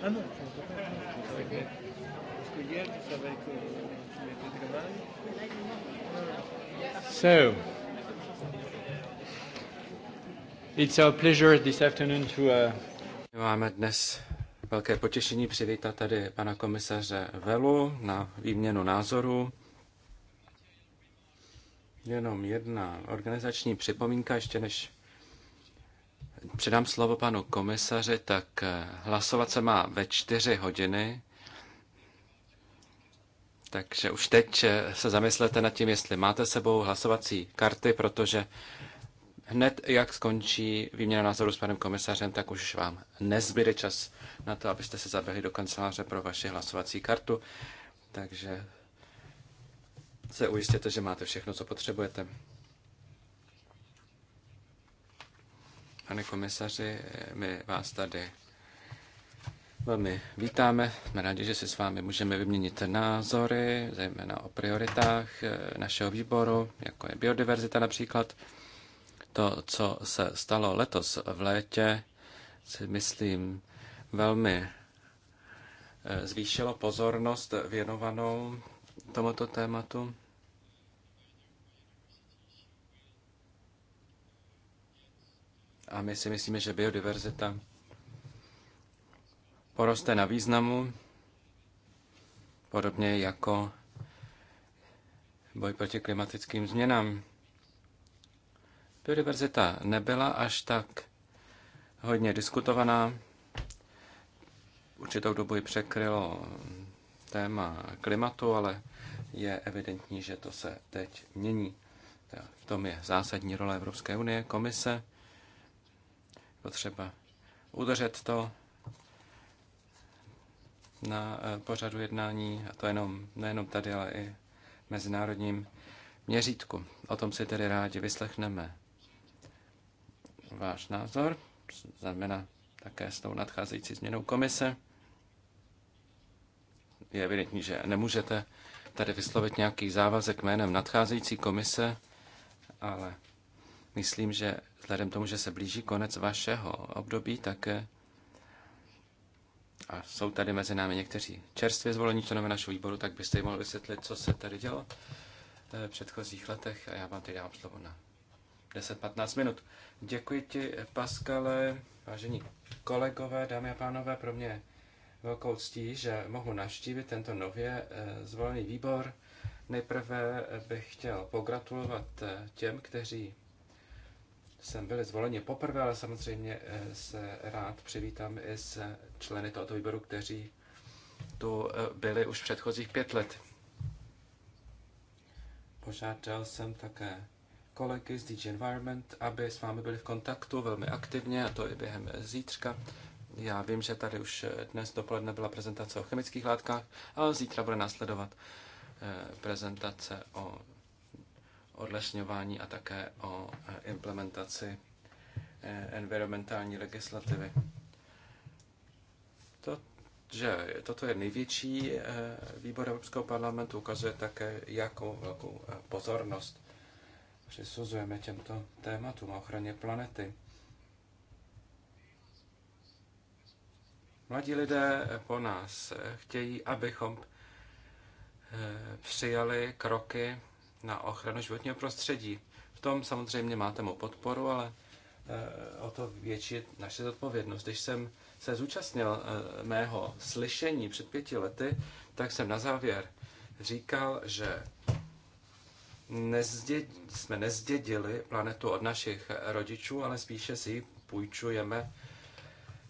Ah non, je ne pas. Parce que hier, tu savais que tu So, it's our pleasure this afternoon to... Uh... Máme dnes velké potěšení přivítat tady pana komisaře Velu na výměnu názoru. Jenom jedna organizační připomínka, ještě než předám slovo panu komisaři, tak eh, hlasovat se má ve čtyři hodiny. Takže už teď eh, se zamyslete nad tím, jestli máte sebou hlasovací karty, protože hned jak skončí výměna názoru s panem komisařem, tak už vám nezbyde čas na to, abyste se zaběhli do kanceláře pro vaši hlasovací kartu. Takže se ujistěte, že máte všechno, co potřebujete. Pane komisaři, my vás tady velmi vítáme. Jsme rádi, že se s vámi můžeme vyměnit názory, zejména o prioritách eh, našeho výboru, jako je biodiverzita například. To, co se stalo letos v létě, si myslím velmi eh, zvýšilo pozornost věnovanou tomuto tématu. A my si myslíme, že biodiverzita poroste na významu, podobně jako boj proti klimatickým změnám. Biodiverzita nebyla až tak hodně diskutovaná. Určitou dobu ji překrylo téma klimatu, ale je evidentní, že to se teď mění. V tom je zásadní role Evropské unie, komise, potřeba udržet to na eh, pořadu jednání, a to jenom, nejenom tady, ale i v mezinárodním měřítku. O tom si tedy rádi vyslechneme váš názor, znamená také s tou nadcházející změnou komise. Je evidentní, že nemůžete tady vyslovit nějaký závazek jménem nadcházející komise, ale myslím, že Vzhledem tomu, že se blíží konec vašeho období, tak eh, a jsou tady mezi námi někteří čerstvě zvolení členové našeho výboru, tak byste jim mohli vysvětlit, co se tady dělo eh, v předchozích letech a já vám teď dám slovo na 10-15 minut. Děkuji ti, Paskale, vážení kolegové, dámy a pánové, pro mě velkou ctí, že mohu navštívit tento nově eh, zvolený výbor. Nejprve bych chtěl pogratulovat těm, kteří sem byli zvoleni poprvé, ale samozřejmě eh, se rád přivítám i s členy tohoto výboru, kteří tu eh, byli už předchozích pět let. Požádal jsem také kolegy z DG Environment, aby s vámi byli v kontaktu velmi aktivně, a to i během zítřka. Já vím, že tady už eh, dnes dopoledne byla prezentace o chemických látkách, ale zítra bude následovat prezentace o odlesňování a také o e, implementaci e, environmentální legislativy. To, že toto je největší e, výbor Evropského parlamentu, ukazuje také, jakou velkou pozornost přisuzujeme těmto tématům a ochraně planety. Mladí lidé po nás chtějí, abychom přijali kroky na ochranu životního prostředí. V tom samozřejmě máte mou podporu, ale eh, o to větší je naše zodpovědnost. Když jsem se zúčastnil eh, mého slyšení před pěti lety, tak jsem na závěr říkal, že nezdědi, jsme nezdědili planetu od našich rodičů, ale spíše si ji půjčujeme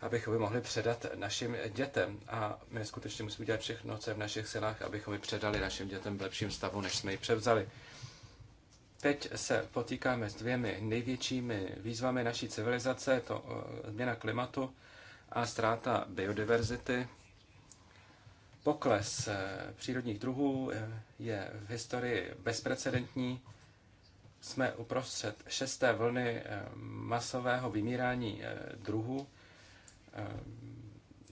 abychom je mohli předat našim dětem. A my skutečně musíme dělat všechno, co je v našich silách, abychom je předali našim dětem v lepším stavu, než jsme ji převzali. Teď se potýkáme s dvěmi největšími výzvami naší civilizace, to eh, změna klimatu a ztráta biodiverzity. Pokles eh, přírodních druhů eh, je v historii bezprecedentní. Jsme uprostřed šesté vlny masového vymírání druhů Eh,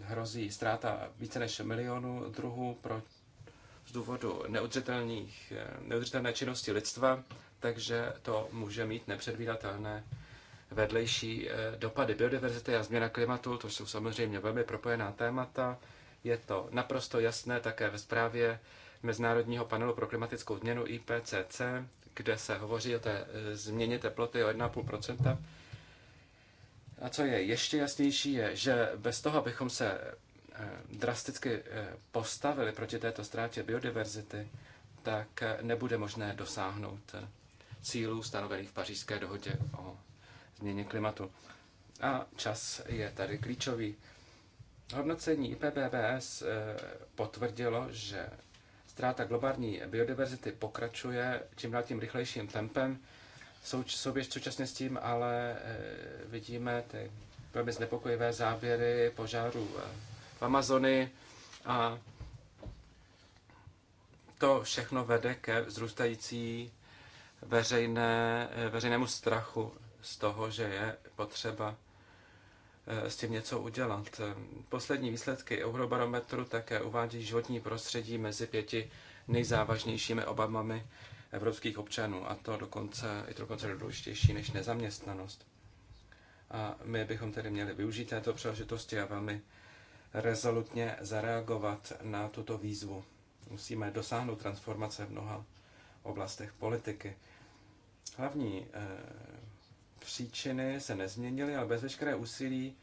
hrozí ztráta více než milionu druhů pro, z důvodu neudržitelných, eh, neudržitelné činnosti lidstva, takže to může mít nepředvídatelné vedlejší eh, dopady. Biodiverzity a změna klimatu, to jsou samozřejmě velmi propojená témata. Je to naprosto jasné také ve zprávě Mezinárodního panelu pro klimatickou změnu IPCC, kde se hovoří o té změně teploty o 1,5 a co je ještě jasnější, je, že bez toho, abychom se eh, drasticky eh, postavili proti této ztrátě biodiverzity, tak eh, nebude možné dosáhnout cílů stanovených v pařížské dohodě o změně klimatu. A čas je tady klíčový. Hodnocení IPBBS potvrdilo, že ztráta globální biodiverzity pokračuje čím dál tím rychlejším tempem Souběž současně s tím ale eh, vidíme ty velmi znepokojivé záběry požáru eh, v Amazony a to všechno vede ke vzrůstající veřejné, eh, veřejnému strachu z toho, že je potřeba s tím něco udělat. Poslední výsledky Eurobarometru také uvádí životní prostředí mezi pěti nejzávažnějšími obavami evropských občanů, a to dokonce, je to dokonce důležitější než nezaměstnanost. A my bychom tedy měli využít této příležitosti a velmi rezolutně zareagovat na tuto výzvu. Musíme dosáhnout transformace v mnoha oblastech politiky. Hlavní e, příčiny se nezměnily, ale bez veškeré úsilí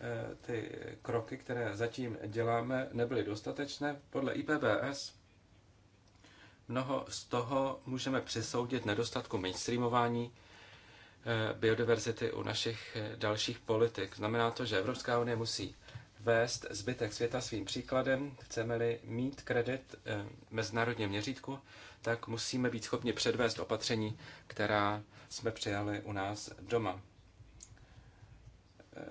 e, ty kroky, které zatím děláme, nebyly dostatečné. Podle IPBS Mnoho z toho můžeme přisoudit nedostatku mainstreamování eh, biodiverzity u našich eh, dalších politik. Znamená to, že Evropská unie musí vést zbytek světa svým příkladem. Chceme-li mít kredit eh, mezinárodně měřítku, tak musíme být schopni předvést opatření, která jsme přijali u nás doma. Eh,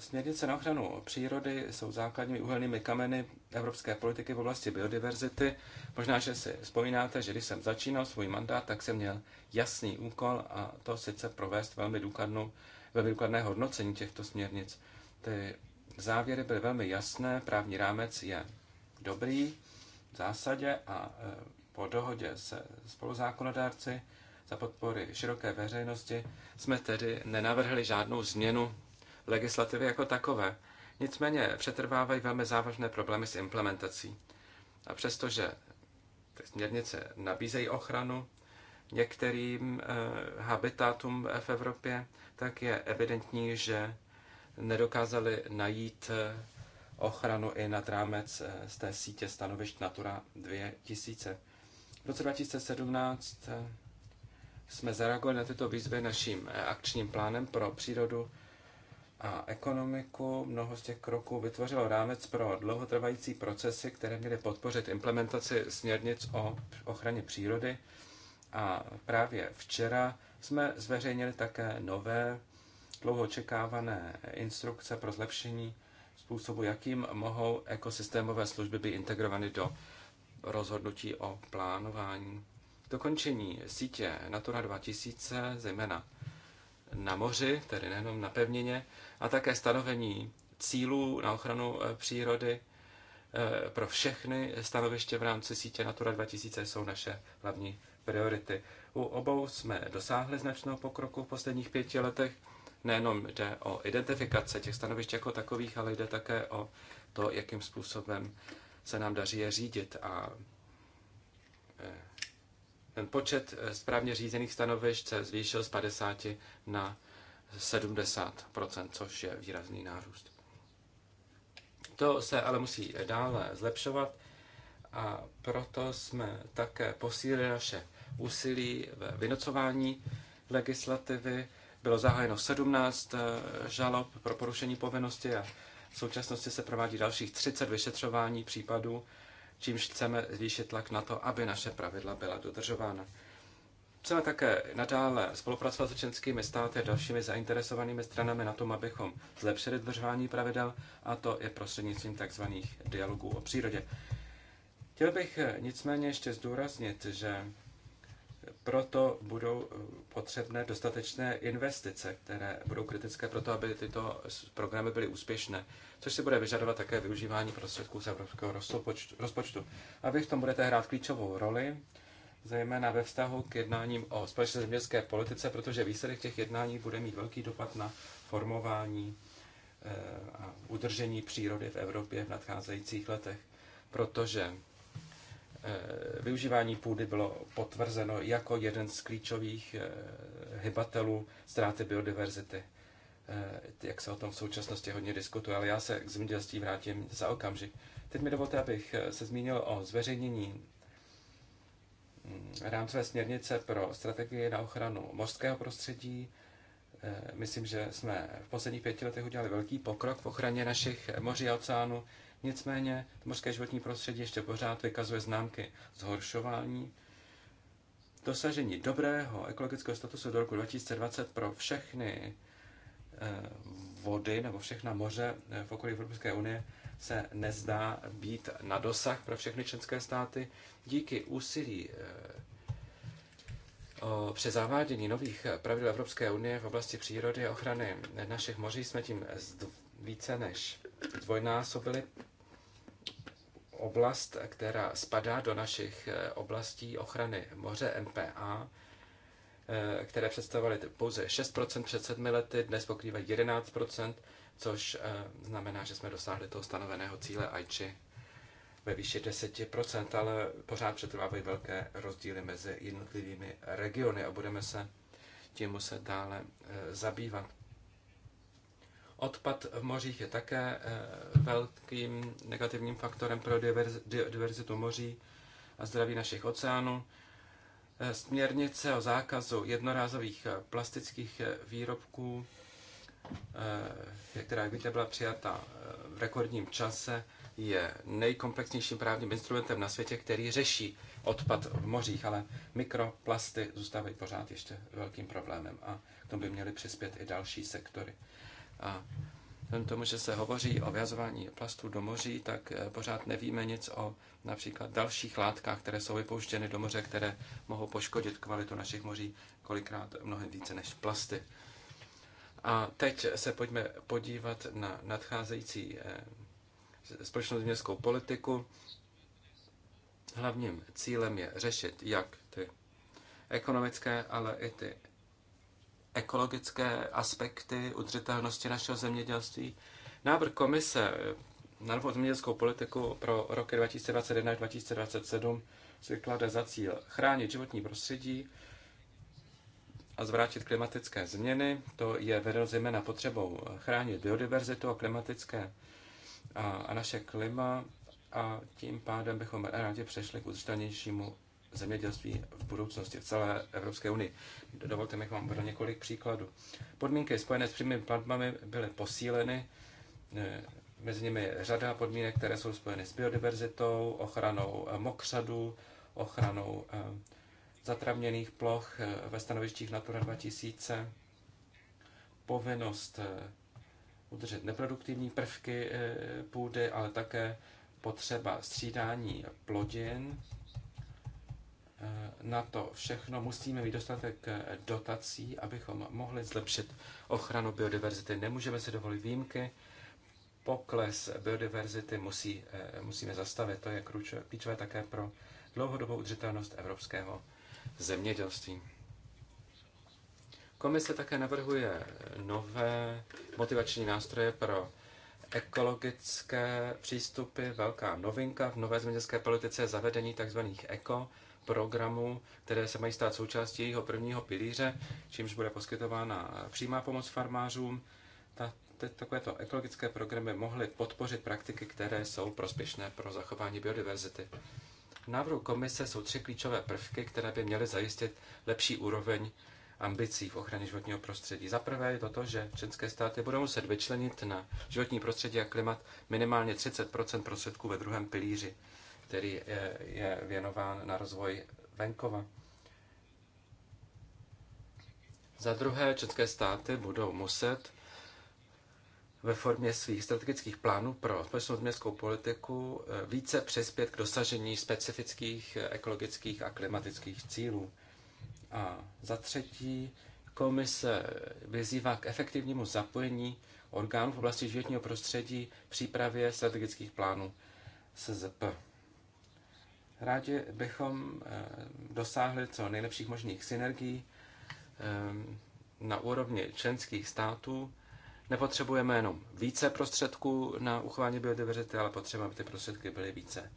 směrnice na ochranu přírody jsou základními uhelnými kameny evropské politiky v oblasti biodiverzity. Možná, že si vzpomínáte, že když jsem začínal svůj mandát, tak jsem měl jasný úkol a to sice provést velmi, důkladnou, velmi důkladné hodnocení těchto směrnic. Ty závěry byly velmi jasné, právní rámec je dobrý v zásadě a eh, po dohodě se spoluzákonodárci za podpory široké veřejnosti jsme tedy nenavrhli žádnou změnu legislativy jako takové. Nicméně přetrvávají velmi závažné problémy s implementací. A přestože ty směrnice nabízejí ochranu některým eh, habitatům v Evropě, tak je evidentní, že nedokázali najít eh, ochranu i nad rámec eh, z té sítě stanovišť Natura 2000. V roce 2017 jsme zareagovali na tyto výzvy naším akčním plánem pro přírodu a ekonomiku. Mnoho z těch kroků vytvořilo rámec pro dlouhotrvající procesy, které měly podpořit implementaci směrnic o ochraně přírody. A právě včera jsme zveřejnili také nové dlouho očekávané instrukce pro zlepšení způsobu, jakým mohou ekosystémové služby být integrovány do rozhodnutí o plánování. Dokončení sítě Natura 2000, zejména na moři, tedy nejenom na pevnině, a také stanovení cílů na ochranu eh, přírody eh, pro všechny stanoviště v rámci sítě Natura 2000 jsou naše hlavní priority. U obou jsme dosáhli značného pokroku v posledních pěti letech. Nejenom jde o identifikace těch stanovišť jako takových, ale jde také o to, jakým způsobem se nám daří je řídit a ten počet eh, správně řízených stanovišť se zvýšil z 50 na 70 což je výrazný nárůst. To se ale musí dále zlepšovat a proto jsme také posílili naše úsilí ve vynocování legislativy. Bylo zahájeno 17 eh, žalob pro porušení povinnosti a v současnosti se provádí dalších 30 vyšetřování případů čímž chceme zvýšit tlak na to, aby naše pravidla byla dodržována. Chceme také nadále spolupracovat s členskými státy a dalšími zainteresovanými stranami na tom, abychom zlepšili dodržování pravidel, a to je prostřednictvím tzv. dialogů o přírodě. Chtěl bych eh, nicméně ještě zdůraznit, že proto budou eh, potřebné dostatečné investice, které budou kritické pro to, aby tyto programy byly úspěšné, což si bude vyžadovat také využívání prostředků z evropského rozpočtu. A vy v tom budete hrát klíčovou roli, zejména ve vztahu k jednáním o společné zemědělské politice, protože výsledek těch jednání bude mít velký dopad na formování eh, a udržení přírody v Evropě v nadcházejících letech, protože Eh, využívání půdy bylo potvrzeno jako jeden z klíčových eh, hybatelů ztráty biodiverzity. Eh, jak se o tom v současnosti hodně diskutuje, ale já se k zemědělství vrátím za okamžik. Teď mi dovolte, abych se zmínil o zveřejnění mm, rámcové směrnice pro strategii na ochranu mořského prostředí. Myslím, že jsme v posledních pěti letech udělali velký pokrok v ochraně našich moří a oceánů. Nicméně mořské životní prostředí ještě pořád vykazuje známky zhoršování. Dosažení dobrého ekologického statusu do roku 2020 pro všechny eh, vody nebo všechna moře eh, v okolí Evropské unie se nezdá být na dosah pro všechny členské státy. Díky úsilí eh, při zavádění nových pravidel Evropské unie v oblasti přírody a ochrany našich moří jsme tím více než dvojnásobili oblast, která spadá do našich eh, oblastí ochrany moře MPA, eh, které představovaly pouze 6% před sedmi lety, dnes pokrývají 11%, což eh, znamená, že jsme dosáhli toho stanoveného cíle AIČI ve výši 10%, ale pořád přetrvávají velké rozdíly mezi jednotlivými regiony a budeme se tím muset dále zabývat. Odpad v mořích je také eh, velkým negativním faktorem pro diverzitu moří a zdraví našich oceánů. Eh, směrnice o zákazu jednorázových eh, plastických výrobků, která, jak víte, byla přijata v rekordním čase, je nejkomplexnějším právním instrumentem na světě, který řeší odpad v mořích, ale mikroplasty zůstávají pořád ještě velkým problémem a k tomu by měly přispět i další sektory. A vzhledem tomu, že se hovoří o vyhazování plastů do moří, tak eh, pořád nevíme nic o například dalších látkách, které jsou vypouštěny do moře, které mohou poškodit kvalitu našich moří kolikrát mnohem více než plasty. A teď se pojďme podívat na nadcházející eh, společnou městskou politiku. Hlavním cílem je řešit jak ty ekonomické, ale i ty ekologické aspekty udržitelnosti našeho zemědělství. Návrh komise na novou zemědělskou politiku pro roky 2021 až 2027 si klade za cíl chránit životní prostředí a zvrátit klimatické změny. To je vedeno zejména potřebou chránit biodiverzitu a klimatické a, a naše klima a tím pádem bychom rádi přešli k udržitelnějšímu zemědělství v budoucnosti v celé Evropské unii. Dovolte mi, vám pro několik příkladů. Podmínky spojené s přímými platbami byly posíleny, eh, mezi nimi řada podmínek, které jsou spojeny s biodiverzitou, ochranou eh, mokřadů, ochranou eh, zatravněných ploch ve stanovištích Natura 2000, povinnost udržet neproduktivní prvky půdy, ale také potřeba střídání plodin Eh, na to všechno musíme mít dostatek eh, dotací, abychom mohli zlepšit ochranu biodiverzity. Nemůžeme si dovolit výjimky. Pokles biodiverzity musí, eh, musíme zastavit. To je klíčové také pro dlouhodobou udržitelnost evropského zemědělství. Komise také navrhuje nové motivační nástroje pro ekologické přístupy. Velká novinka v nové zemědělské politice je zavedení tzv. eko programů, které se mají stát součástí jejího prvního pilíře, čímž bude poskytována přímá pomoc farmářům. Ta, te, takovéto ekologické programy mohly podpořit praktiky, které jsou prospěšné pro zachování biodiverzity. V návrhu komise jsou tři klíčové prvky, které by měly zajistit lepší úroveň ambicí v ochraně životního prostředí. Za prvé je to to, že členské státy budou muset vyčlenit na životní prostředí a klimat minimálně 30 prostředků ve druhém pilíři který je věnován na rozvoj venkova. Za druhé, české státy budou muset ve formě svých strategických plánů pro společnou městskou politiku eh, více přispět k dosažení specifických eh, ekologických a klimatických cílů. A za třetí, komise vyzývá k efektivnímu zapojení orgánů v oblasti životního prostředí v přípravě strategických plánů SZP. Rádi bychom eh, dosáhli co nejlepších možných synergií eh, na úrovni členských států. Nepotřebujeme jenom více prostředků na uchování biodiverzity, ale potřebujeme, aby ty prostředky byly více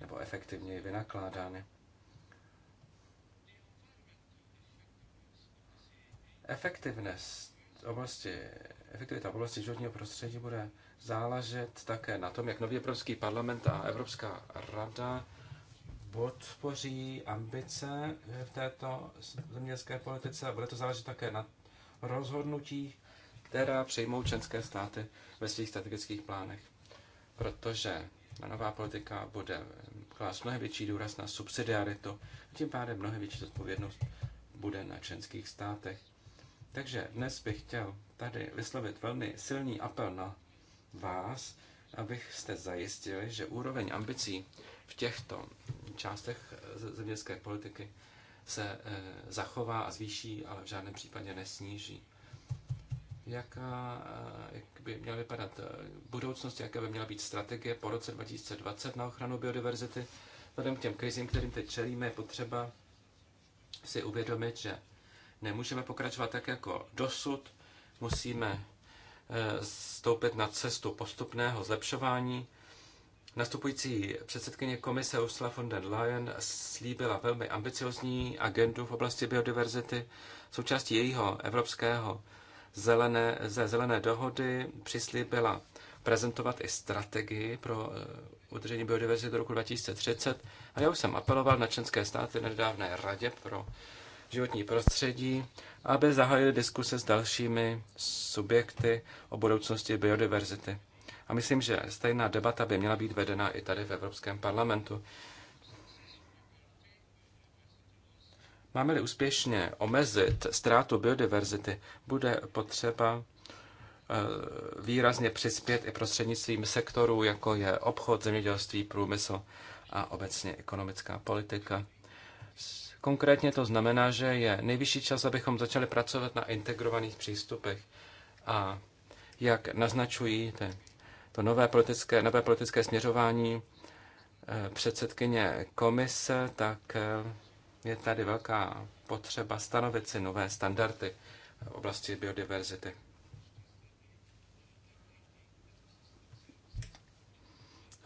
nebo efektivněji vynakládány. Efektivnost oblasti, efektivita oblasti životního prostředí bude záležet také na tom, jak nový Evropský parlament a Evropská rada podpoří ambice eh, v této zemědělské politice a bude to záležet také na rozhodnutích, která přijmou členské státy ve svých strategických plánech. Protože ta nová politika bude eh, klást mnohem větší důraz na subsidiaritu, a tím pádem mnohem větší zodpovědnost bude na členských státech. Takže dnes bych chtěl tady vyslovit velmi silný apel na vás, abychste zajistili, že úroveň ambicí v těchto částech zemědělské politiky se eh, zachová a zvýší, ale v žádném případě nesníží. Jaká, eh, jak by měla vypadat eh, budoucnost, jaká by měla být strategie po roce 2020 na ochranu biodiverzity? Vzhledem k těm krizím, kterým teď čelíme, je potřeba si uvědomit, že nemůžeme pokračovat tak jako dosud, musíme stoupit na cestu postupného zlepšování Nastupující předsedkyně komise Ursula von der Leyen slíbila velmi ambiciozní agendu v oblasti biodiverzity. Součástí jejího evropského zelené, ze zelené dohody přislíbila prezentovat i strategii pro eh, udržení biodiverzity do roku 2030. A já už jsem apeloval na členské státy na nedávné radě pro životní prostředí, aby zahájili diskuse s dalšími subjekty o budoucnosti biodiverzity. A myslím, že stejná debata by měla být vedena i tady v Evropském parlamentu. Máme-li úspěšně omezit ztrátu biodiverzity, bude potřeba eh, výrazně přispět i prostřednictvím sektorů, jako je obchod, zemědělství, průmysl a obecně ekonomická politika. Konkrétně to znamená, že je nejvyšší čas, abychom začali pracovat na integrovaných přístupech. A jak naznačují ty to nové politické, nové politické směřování eh, předsedkyně komise, tak eh, je tady velká potřeba stanovit si nové standardy v oblasti biodiverzity.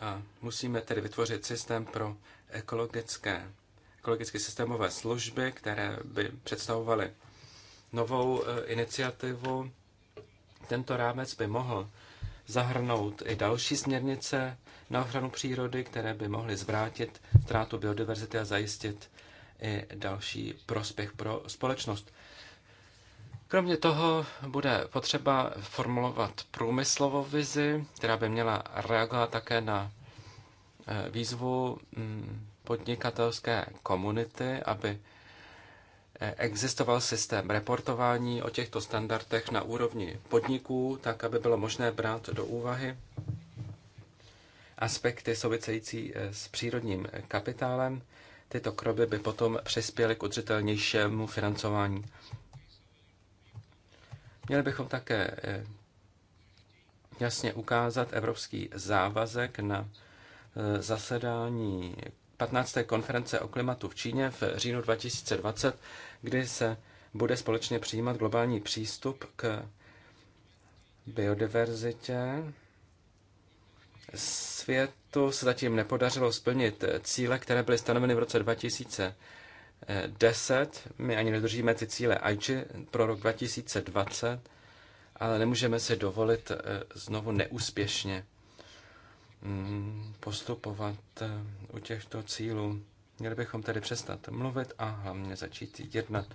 A musíme tedy vytvořit systém pro ekologické, ekologicky systémové služby, které by představovaly novou eh, iniciativu. Tento rámec by mohl zahrnout i další směrnice na ochranu přírody, které by mohly zvrátit ztrátu biodiverzity a zajistit i další prospěch pro společnost. Kromě toho bude potřeba formulovat průmyslovou vizi, která by měla reagovat také na eh, výzvu mm, podnikatelské komunity, aby existoval systém reportování o těchto standardech na úrovni podniků, tak aby bylo možné brát do úvahy aspekty související eh, s přírodním kapitálem. Tyto kroby by potom přispěly k udržitelnějšímu financování. Měli bychom také eh, jasně ukázat evropský závazek na eh, zasedání 15. konference o klimatu v Číně v říjnu 2020, kdy se bude společně přijímat globální přístup k biodiverzitě. Světu se zatím nepodařilo splnit cíle, které byly stanoveny v roce 2010. My ani nedržíme ty cíle AIČI pro rok 2020, ale nemůžeme si dovolit eh, znovu neúspěšně Mm, postupovat eh, u těchto cílů. Měli bychom tedy přestat mluvit a hlavně začít jednat.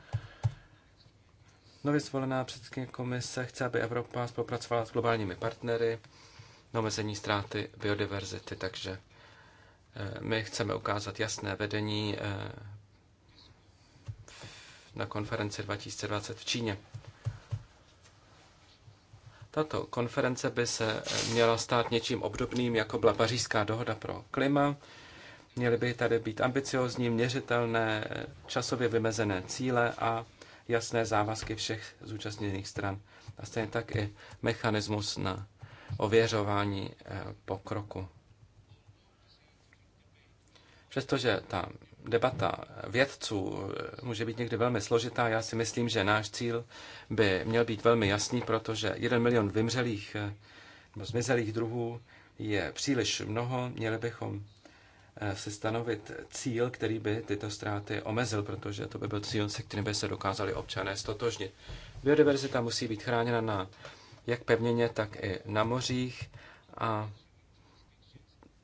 Nově zvolená předsedkyně komise chce, aby Evropa spolupracovala s globálními partnery na omezení ztráty biodiverzity, takže eh, my chceme ukázat jasné vedení eh, na konferenci 2020 v Číně. Tato konference by se eh, měla stát něčím obdobným, jako byla pařížská dohoda pro klima. Měly by tady být ambiciozní, měřitelné, eh, časově vymezené cíle a jasné závazky všech zúčastněných stran. A stejně tak i mechanismus na ověřování eh, pokroku. Přestože ta debata vědců eh, může být někdy velmi složitá. Já si myslím, že náš cíl by měl být velmi jasný, protože jeden milion vymřelých eh, nebo zmizelých druhů je příliš mnoho. Měli bychom eh, si stanovit cíl, který by tyto ztráty omezil, protože to by byl cíl, se kterým by se dokázali občané stotožnit. Biodiverzita musí být chráněna na jak pevněně, tak i na mořích a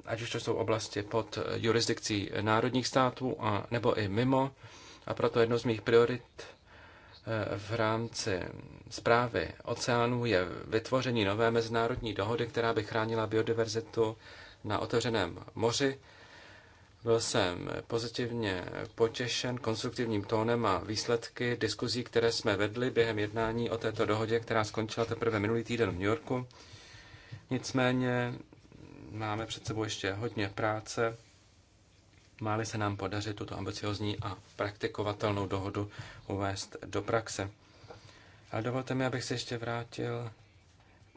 ať už to jsou oblasti pod jurisdikcí národních států a, nebo i mimo. A proto jedno z mých priorit eh, v rámci zprávy oceánů je vytvoření nové mezinárodní dohody, která by chránila biodiverzitu na otevřeném moři. Byl jsem pozitivně potěšen konstruktivním tónem a výsledky diskuzí, které jsme vedli během jednání o této dohodě, která skončila teprve minulý týden v New Yorku. Nicméně máme před sebou ještě hodně práce. Máli se nám podařit tuto ambiciozní a praktikovatelnou dohodu uvést do praxe. Ale dovolte mi, abych se ještě vrátil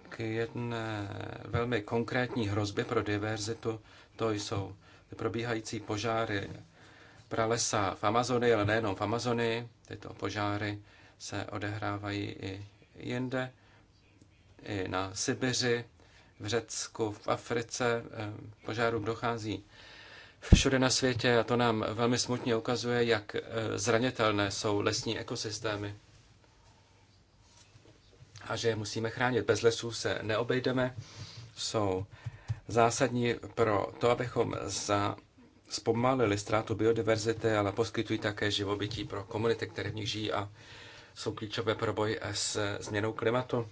k jedné velmi konkrétní hrozbě pro diverzitu. To jsou ty probíhající požáry pralesa v Amazonii, ale nejenom v Amazonii. Tyto požáry se odehrávají i jinde, i na Sibiři, v Řecku, v Africe, eh, požárům dochází všude na světě a to nám velmi smutně ukazuje, jak eh, zranitelné jsou lesní ekosystémy a že je musíme chránit. Bez lesů se neobejdeme, jsou zásadní pro to, abychom za zpomalili ztrátu biodiverzity, ale poskytují také živobytí pro komunity, které v nich žijí a jsou klíčové pro boj s změnou klimatu.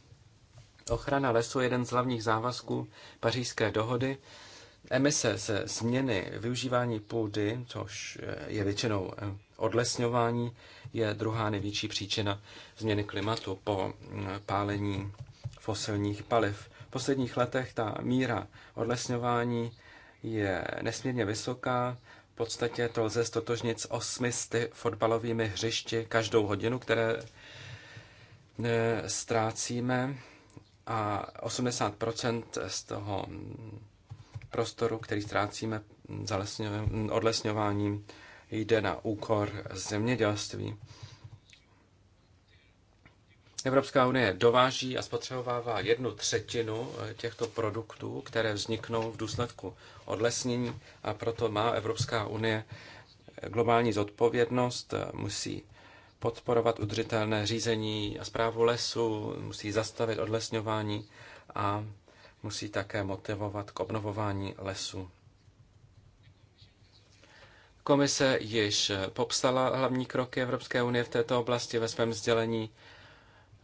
Ochrana lesů je jeden z hlavních závazků pařížské dohody. Emise ze změny využívání půdy, což eh, je většinou eh, odlesňování, je druhá největší příčina změny klimatu po hm, pálení fosilních paliv. V posledních letech ta míra odlesňování je nesmírně vysoká. V podstatě to lze stotožnit s osmisty fotbalovými hřišti každou hodinu, které eh, ztrácíme a 80 z toho prostoru, který ztrácíme odlesňováním, jde na úkor zemědělství. Evropská unie dováží a spotřebovává jednu třetinu eh, těchto produktů, které vzniknou v důsledku odlesnění a proto má Evropská unie globální zodpovědnost, eh, musí podporovat udržitelné řízení a zprávu lesu, musí zastavit odlesňování a musí také motivovat k obnovování lesu. Komise již popsala hlavní kroky Evropské unie v této oblasti ve svém sdělení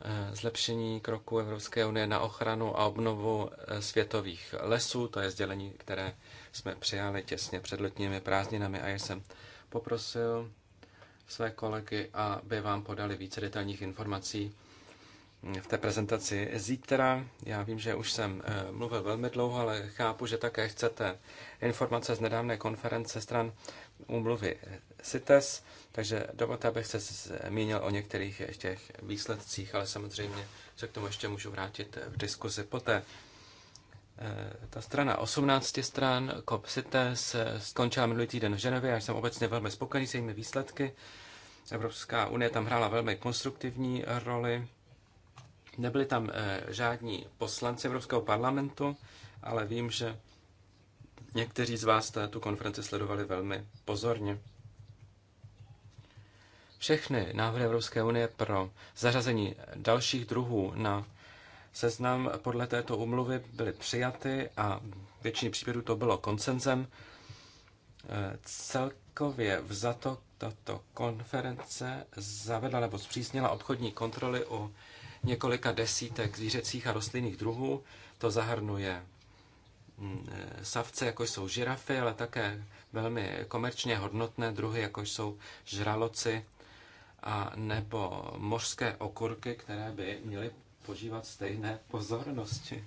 eh, zlepšení kroku Evropské unie na ochranu a obnovu eh, světových lesů. To je sdělení, které jsme přijali těsně před letními prázdninami a já jsem poprosil své kolegy, aby vám podali více detailních informací v té prezentaci zítra. Já vím, že už jsem eh, mluvil velmi dlouho, ale chápu, že také chcete informace z nedávné konference stran úmluvy CITES, takže dovolte, abych se zmínil o některých těch výsledcích, ale samozřejmě se k tomu ještě můžu vrátit v diskuzi poté. Eh, ta strana 18 stran, COP CITES, skončila minulý týden v Ženevě. Já jsem obecně velmi spokojený s jejími výsledky. Evropská unie tam hrála velmi konstruktivní roli. Nebyli tam eh, žádní poslanci Evropského parlamentu, ale vím, že někteří z vás tu konferenci sledovali velmi pozorně. Všechny návrhy Evropské unie pro zařazení dalších druhů na seznam podle této umluvy byly přijaty a většině případů to bylo koncenzem. Eh, celkově vzato tato konference zavedla nebo zpřísnila obchodní kontroly u několika desítek zvířecích a rostlinných druhů. To zahrnuje mm, eh, savce, jako jsou žirafy, ale také velmi komerčně hodnotné druhy, jako jsou žraloci a nebo mořské okurky, které by měly požívat stejné pozornosti.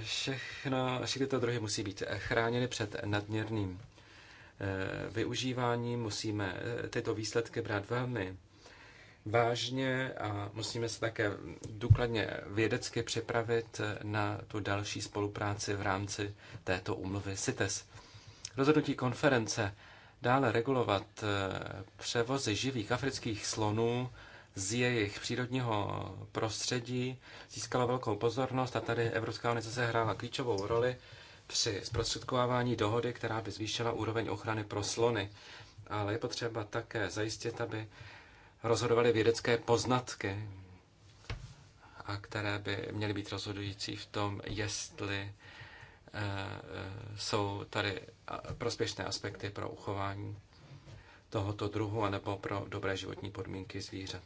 Všechno, všechny tyto druhy musí být chráněny před nadměrným eh, využíváním. Musíme eh, tyto výsledky brát velmi vážně a musíme se také důkladně vědecky připravit eh, na tu další spolupráci v rámci této umluvy CITES. Rozhodnutí konference dále regulovat převozy živých afrických slonů z jejich přírodního prostředí získala velkou pozornost a tady Evropská unie se hrála klíčovou roli při zprostředkovávání dohody, která by zvýšila úroveň ochrany pro slony. Ale je potřeba také zajistit, aby rozhodovaly vědecké poznatky, a které by měly být rozhodující v tom, jestli eh, eh, jsou tady prospěšné aspekty pro uchování tohoto druhu anebo pro dobré životní podmínky zvířat.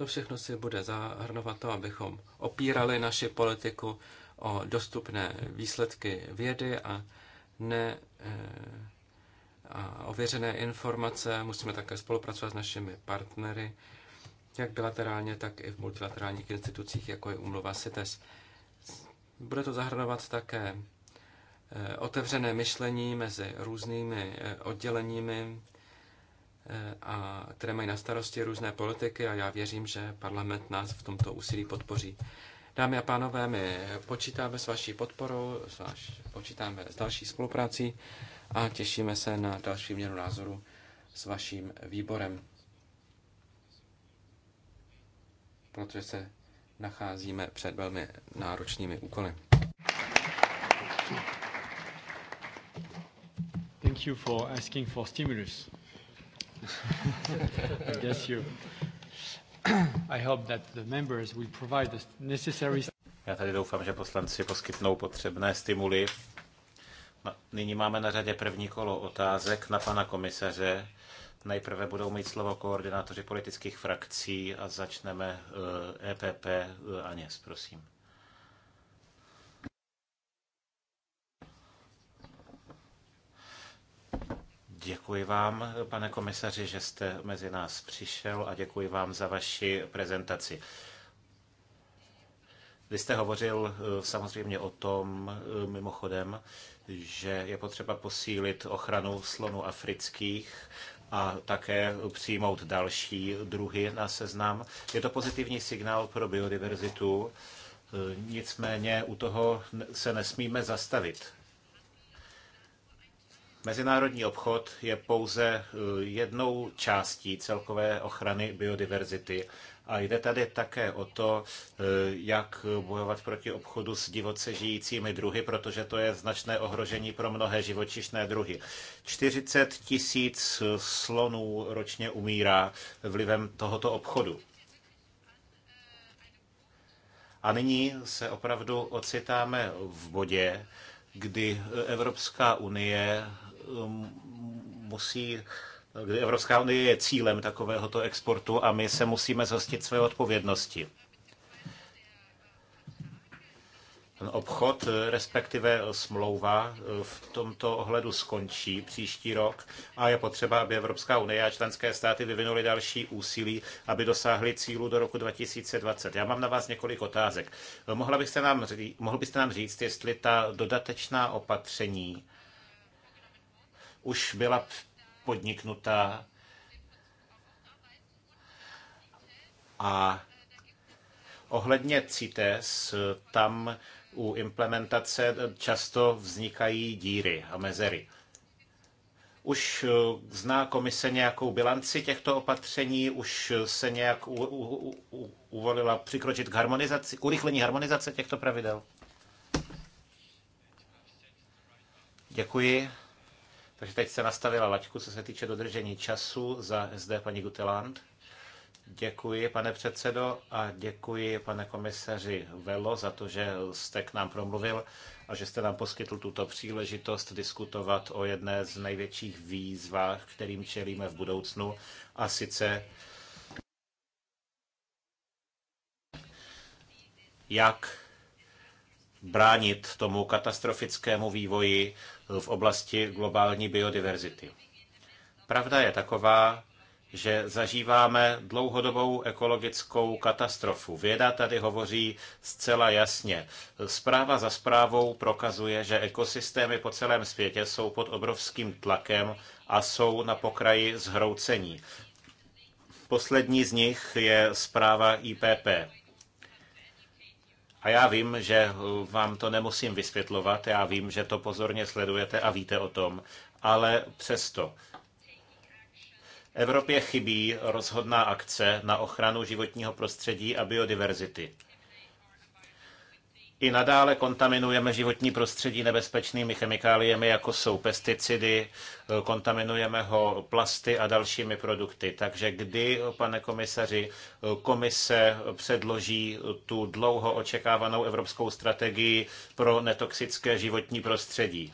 To všechno si bude zahrnovat to, abychom opírali naši politiku o dostupné výsledky vědy a ne eh, a ověřené informace. Musíme také spolupracovat s našimi partnery, jak bilaterálně, tak i v multilaterálních institucích, jako je umluva CITES. Bude to zahrnovat také eh, otevřené myšlení mezi různými eh, odděleními Eh, a které mají na starosti různé politiky a já věřím, že parlament nás v tomto úsilí podpoří. Dámy a pánové, my počítáme s vaší podporou, s vaš, počítáme s další spoluprací a těšíme se na další měnu názoru s vaším výborem, protože se nacházíme před velmi náročnými úkoly. Thank you for asking for stimulus guess you. I hope that the members will provide the necessary... Já tady doufám, že poslanci poskytnou potřebné stimuly. Nyní máme na řadě první kolo otázek na pana komisaře. Nejprve budou mít slovo koordinátoři politických frakcí a začneme EPP eh, e eh, Aněs, prosím. Děkuji vám, pane komisaři, že jste mezi nás přišel a děkuji vám za vaši prezentaci. Vy jste hovořil eh, samozřejmě o tom eh, mimochodem, že je potřeba posílit ochranu slonů afrických a také přijmout další druhy na seznam. Je to pozitivní signál pro biodiverzitu, eh, nicméně u toho se nesmíme zastavit. Mezinárodní obchod je pouze eh, jednou částí celkové ochrany biodiverzity a jde tady také o to, eh, jak bojovat proti obchodu s divoce žijícími druhy, protože to je značné ohrožení pro mnohé živočišné druhy. 40 tisíc slonů ročně umírá vlivem tohoto obchodu. A nyní se opravdu ocitáme v bodě, kdy Evropská unie Um, musí kdy Evropská unie je cílem takovéhoto exportu a my se musíme zhostit své odpovědnosti. Ten obchod, respektive smlouva, v tomto ohledu skončí příští rok a je potřeba, aby Evropská unie a členské státy vyvinuly další úsilí, aby dosáhly cílu do roku 2020. Já mám na vás několik otázek. Mohla byste nám, mohl byste nám říct, jestli ta dodatečná opatření, už byla podniknutá. A ohledně CITES, tam u implementace často vznikají díry a mezery. Už eh, zná komise nějakou bilanci těchto opatření, už se nějak u, u, u, uvolila přikročit k harmonizaci, k urychlení harmonizace těchto pravidel? Děkuji. Takže teď se nastavila laťku, co se týče dodržení času za SD paní Guteland. Děkuji, pane předsedo, a děkuji, pane komisaři Velo, za to, že jste k nám promluvil a že jste nám poskytl tuto příležitost diskutovat o jedné z největších výzvách, kterým čelíme v budoucnu, a sice jak bránit tomu katastrofickému vývoji v oblasti globální biodiverzity. Pravda je taková, že zažíváme dlouhodobou ekologickou katastrofu. Věda tady hovoří zcela jasně. Zpráva za zprávou prokazuje, že ekosystémy po celém světě jsou pod obrovským tlakem a jsou na pokraji zhroucení. Poslední z nich je zpráva IPP. A já vím, že uh, vám to nemusím vysvětlovat, já vím, že to pozorně sledujete a víte o tom, ale přesto. Evropě chybí rozhodná akce na ochranu životního prostředí a biodiverzity. I nadále kontaminujeme životní prostředí nebezpečnými chemikáliemi, jako jsou pesticidy, kontaminujeme ho plasty a dalšími produkty. Takže kdy, pane komisaři, komise předloží tu dlouho očekávanou evropskou strategii pro netoxické životní prostředí?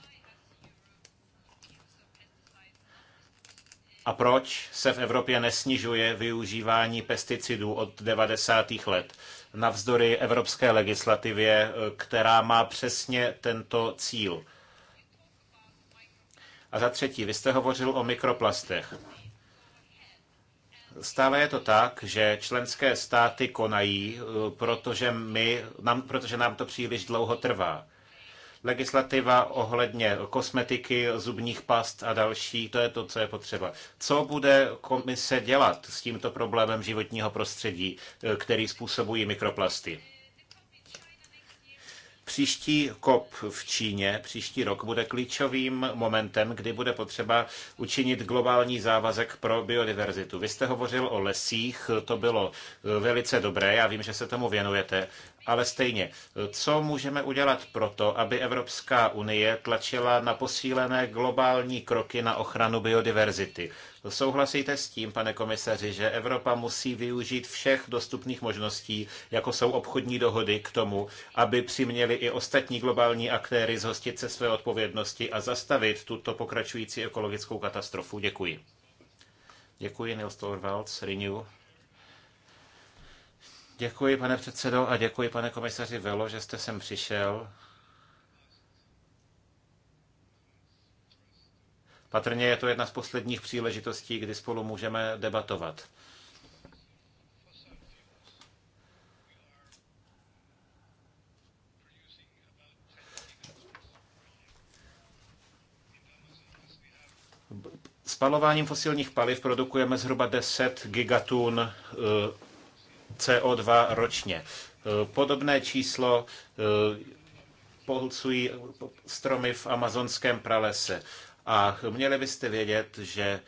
A proč se v Evropě nesnižuje využívání pesticidů od 90. let? navzdory evropské legislativě, eh, která má přesně tento cíl. A za třetí, vy jste hovořil o mikroplastech. Stále je to tak, že členské státy konají, eh, protože, my, nám, protože nám to příliš dlouho trvá. Legislativa ohledně kosmetiky, zubních past a další, to je to, co je potřeba. Co bude komise dělat s tímto problémem životního prostředí, eh, který způsobují mikroplasty? Příští COP v Číně, příští rok, bude klíčovým momentem, kdy bude potřeba učinit globální závazek pro biodiverzitu. Vy jste hovořil o lesích, to bylo eh, velice dobré, já vím, že se tomu věnujete, ale stejně, co můžeme udělat proto, aby Evropská unie tlačila na posílené globální kroky na ochranu biodiverzity? Souhlasíte s tím, pane komisaři, že Evropa musí využít všech dostupných možností, jako jsou obchodní dohody, k tomu, aby přiměli i ostatní globální aktéry zhostit se své odpovědnosti a zastavit tuto pokračující ekologickou katastrofu? Děkuji. Děkuji, Nils Torvalds, Renew. Děkuji, pane předsedo, a děkuji, pane komisaři Velo, že jste sem přišel. Patrně je to jedna z posledních příležitostí, kdy spolu můžeme debatovat. Spalováním fosilních paliv produkujeme zhruba 10 gigatun eh, CO2 ročně. E, podobné číslo e, pohlcují stromy v amazonském pralese. A měli byste vědět, že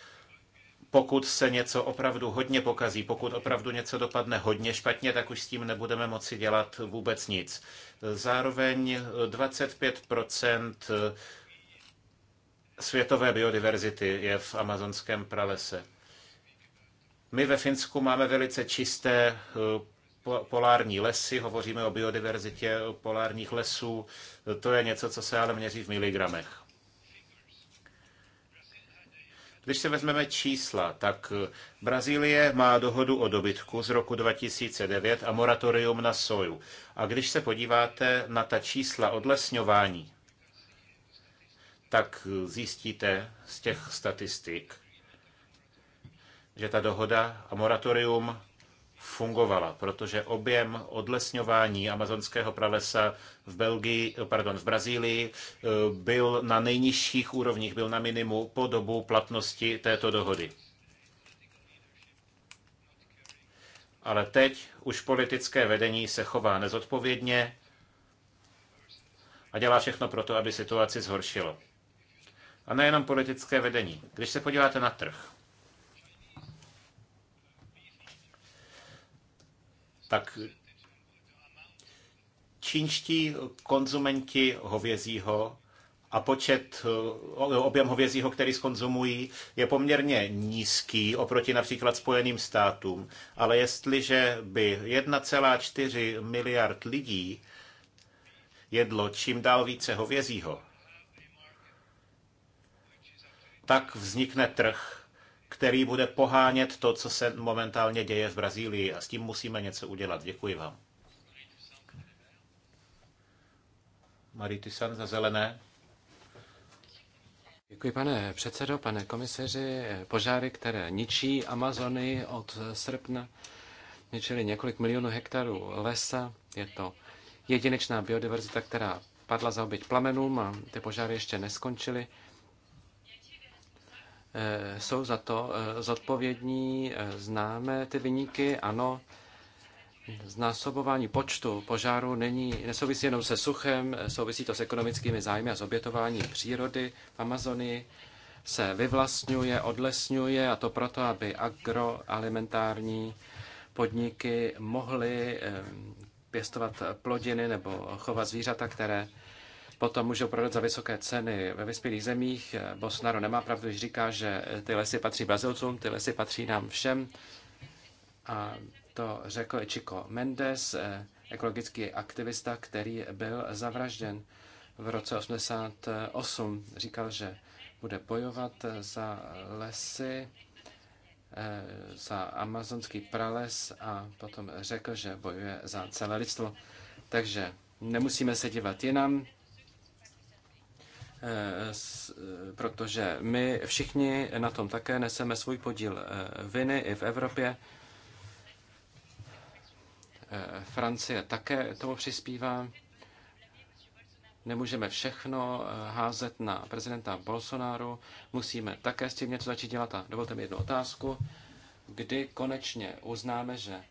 pokud se něco opravdu hodně pokazí, pokud opravdu něco dopadne hodně špatně, tak už s tím nebudeme moci dělat vůbec nic. E, zároveň 25 světové biodiverzity je v amazonském pralese. My ve Finsku máme velice čisté eh, polární lesy, hovoříme o biodiverzitě polárních lesů. To je něco, co se ale měří v miligramech. Když se vezmeme čísla, tak eh, Brazílie má dohodu o dobytku z roku 2009 a moratorium na soju. A když se podíváte na ta čísla odlesňování, tak eh, zjistíte z těch statistik, že ta dohoda a moratorium fungovala, protože objem odlesňování amazonského pralesa v Belgii, pardon, v Brazílii eh, byl na nejnižších úrovních, byl na minimu po dobu platnosti této dohody. Ale teď už politické vedení se chová nezodpovědně a dělá všechno pro to, aby situaci zhoršilo. A nejenom politické vedení. Když se podíváte na trh, tak čínští konzumenti hovězího a počet, eh, objem hovězího, který skonzumují, je poměrně nízký oproti například Spojeným státům. Ale jestliže by 1,4 miliard lidí jedlo čím dál více hovězího, tak vznikne trh, který bude pohánět to, co se momentálně děje v Brazílii. A s tím musíme něco udělat. Děkuji vám. Maritisan za zelené. Děkuji, pane předsedo, pane komiseři. Požáry, které ničí Amazonii od srpna, ničili několik milionů hektarů lesa. Je to jedinečná biodiverzita, která padla za oběť plamenům a ty požáry ještě neskončily. Eh, jsou za to eh, zodpovědní, eh, známe ty vyníky, ano, znásobování počtu požáru není, nesouvisí jenom se suchem, souvisí to s ekonomickými zájmy a s obětováním přírody v Amazonii se vyvlastňuje, odlesňuje a to proto, aby agroalimentární podniky mohly pěstovat plodiny nebo chovat zvířata, které potom můžou prodat za vysoké ceny ve vyspělých zemích. Bosnaro nemá pravdu, když říká, že ty lesy patří Brazilcům, ty lesy patří nám všem. A to řekl Chico Mendes, ekologický aktivista, který byl zavražděn v roce 88. Říkal, že bude bojovat za lesy, eh, za amazonský prales a potom řekl, že bojuje za celé lidstvo. Takže nemusíme se dívat jinam. Eh, eh, protože my všichni na tom také neseme svůj podíl eh, viny i v Evropě. Francie také tomu přispívá. Nemůžeme všechno házet na prezidenta Bolsonaro. musíme také s tím něco začít dělat. A dovolte mi jednu otázku. Kdy konečně uznáme, že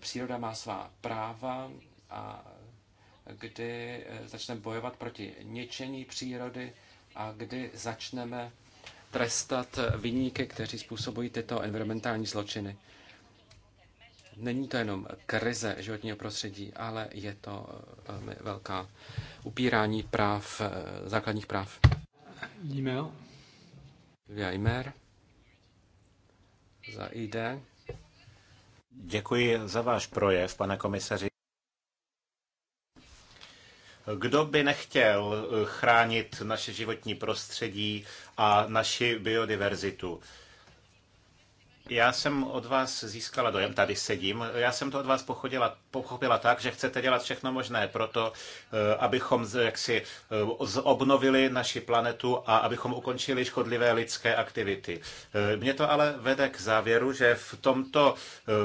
příroda má svá práva a kdy eh, začneme bojovat proti ničení přírody a kdy začneme trestat eh, vyníky, kteří způsobují tyto environmentální zločiny. Není to jenom krize životního prostředí, ale je to eh, velmi velká upírání práv, základních práv. E-mail. Via za ID. Děkuji za váš projev, pane komisaři. Kdo by nechtěl eh, chránit naše životní prostředí a naši biodiverzitu? Já jsem od vás získala dojem, tady sedím, já jsem to od vás pochodila, pochopila tak, že chcete dělat všechno možné pro to, eh, abychom jaksi eh, obnovili naši planetu a abychom ukončili škodlivé lidské aktivity. Eh, mě to ale vede k závěru, že v tomto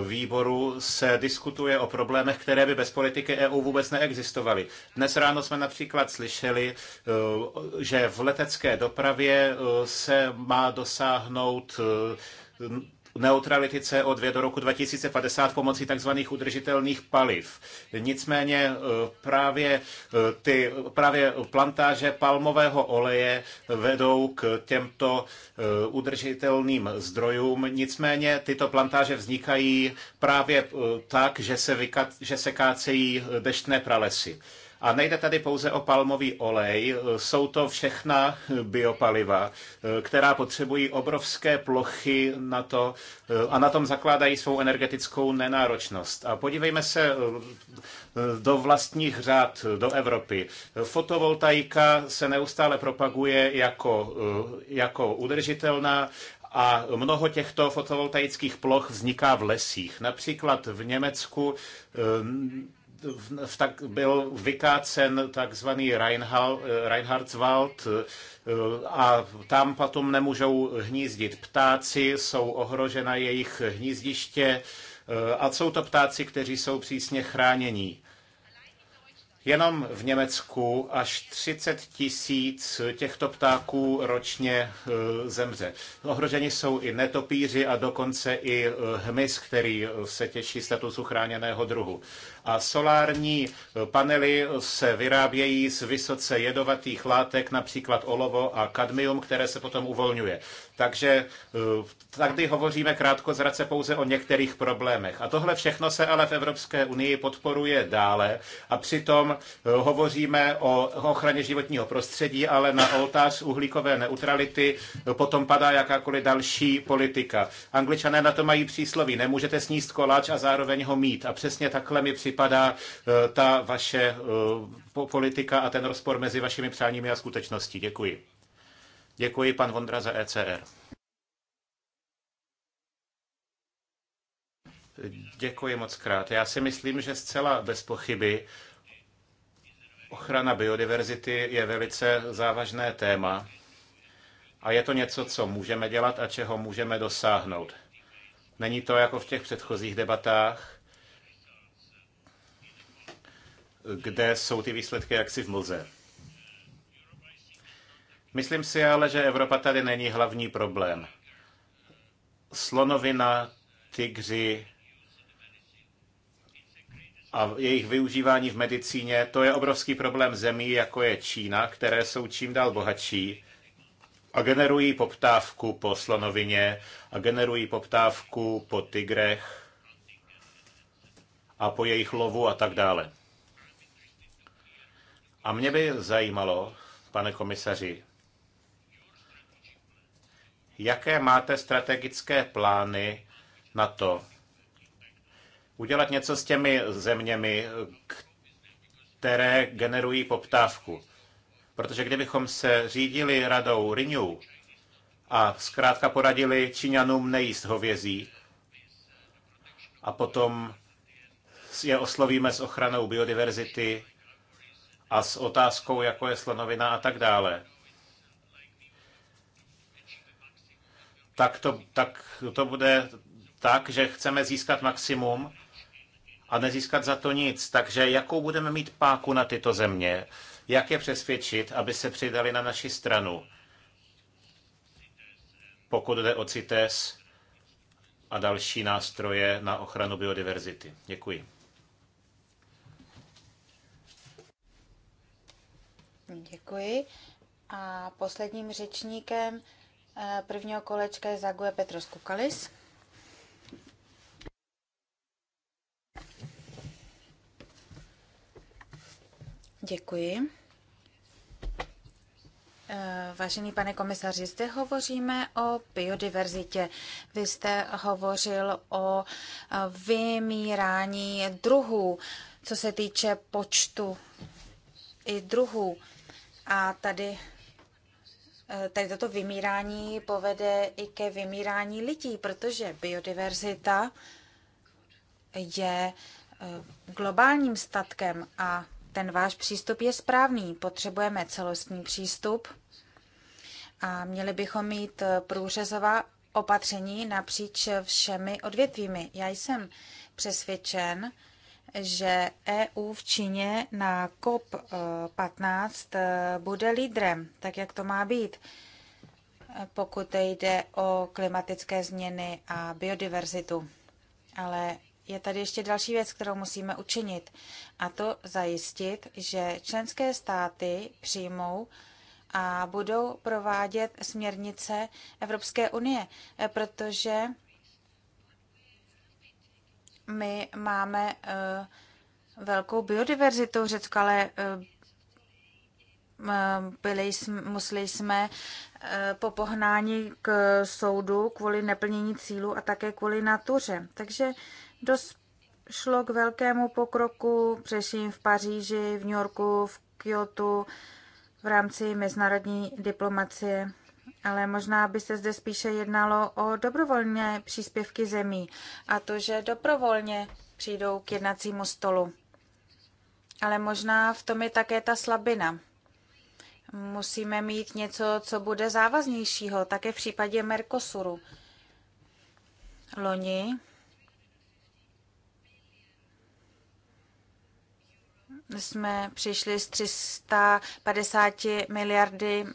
výboru se diskutuje o problémech, které by bez politiky EU vůbec neexistovaly. Dnes ráno jsme například slyšeli, že v letecké dopravě se má dosáhnout neutrality CO2 do roku 2050 pomocí tzv. udržitelných paliv. Nicméně e, právě, e, ty, právě plantáže palmového oleje vedou k těmto e, udržitelným zdrojům. Nicméně tyto plantáže vznikají právě tak, že se, vyka- že se kácejí deštné pralesy. A nejde tady pouze o palmový olej, jsou to všechna biopaliva, eh, která potřebují obrovské plochy na to eh, a na tom zakládají svou energetickou nenáročnost. A podívejme se eh, do vlastních řád, do Evropy. Fotovoltaika se neustále propaguje jako, jako udržitelná a mnoho těchto fotovoltaických ploch vzniká v lesích. Například v Německu v tak, byl vykácen takzvaný Reinhardswald eh, a tam potom nemůžou hnízdit ptáci, jsou ohrožena jejich hnízdiště eh, a jsou to ptáci, kteří jsou přísně chránění. Jenom v Německu až 30 tisíc těchto ptáků ročně e, zemře. Ohroženi jsou i netopíři a dokonce i e, hmyz, který e, se těší statusu chráněného druhu. A solární panely se vyrábějí z vysoce jedovatých látek, například olovo a kadmium, které se potom uvolňuje. Takže eh, tady hovoříme krátko zrace pouze o některých problémech. A tohle všechno se ale v Evropské unii podporuje dále a přitom eh, hovoříme o ochraně životního prostředí, ale na oltář uhlíkové neutrality eh, potom padá jakákoliv další politika. Angličané na to mají přísloví, nemůžete sníst koláč a zároveň ho mít. A přesně takhle mi připadá ta vaše politika a ten rozpor mezi vašimi přáními a skutečností. Děkuji. Děkuji, pan Vondra, za ECR. Děkuji moc krát. Já si myslím, že zcela bez pochyby ochrana biodiverzity je velice závažné téma a je to něco, co můžeme dělat a čeho můžeme dosáhnout. Není to jako v těch předchozích debatách, kde jsou ty výsledky jaksi v mlze. Myslím si ale, že Evropa tady není hlavní problém. Slonovina, tygři a jejich využívání v medicíně, to je obrovský problém zemí, jako je Čína, které jsou čím dál bohatší a generují poptávku po slonovině a generují poptávku po tygrech a po jejich lovu a tak dále. A mě by zajímalo, pane komisaři, jaké máte strategické plány na to, udělat něco s těmi zeměmi, které generují poptávku. Protože kdybychom se řídili radou Rinu a zkrátka poradili Číňanům nejíst hovězí a potom je oslovíme s ochranou biodiverzity a s otázkou, jako je slonovina a tak dále, tak to, tak to bude tak, že chceme získat maximum a nezískat za to nic. Takže jakou budeme mít páku na tyto země? Jak je přesvědčit, aby se přidali na naši stranu? Pokud jde o CITES a další nástroje na ochranu biodiverzity. Děkuji. Děkuji. A posledním řečníkem Eh, prvního kolečka je Zague Petros Kukalis. Děkuji. Eh, vážený pane komisaři, zde hovoříme o biodiverzitě. Vy jste hovořil o vymírání druhů, co se týče počtu i druhů. A tady Eh, tady toto vymírání povede i ke vymírání lidí, protože biodiverzita je eh, globálním statkem a ten váš přístup je správný. Potřebujeme celostní přístup a měli bychom mít eh, průřezová opatření napříč všemi odvětvími. Já jsem přesvědčen, že EU v Číně na COP15 eh, bude lídrem, tak jak to má být, pokud jde o klimatické změny a biodiverzitu. Ale je tady ještě další věc, kterou musíme učinit, a to zajistit, že členské státy přijmou a budou provádět směrnice Evropské unie, eh, protože my máme eh, velkou biodiverzitu Řecku, ale eh, eh, byli jsme, museli jsme po pohnání k soudu kvůli neplnění cílu a také kvůli natuře. Takže došlo k velkému pokroku, především v Paříži, v New Yorku, v Kyoto, v rámci mezinárodní diplomacie ale možná by se zde spíše jednalo o dobrovolné příspěvky zemí a to, že dobrovolně přijdou k jednacímu stolu. Ale možná v tom je také ta slabina. Musíme mít něco, co bude závaznějšího, také v případě Mercosuru. Loni jsme přišli s 350 miliardy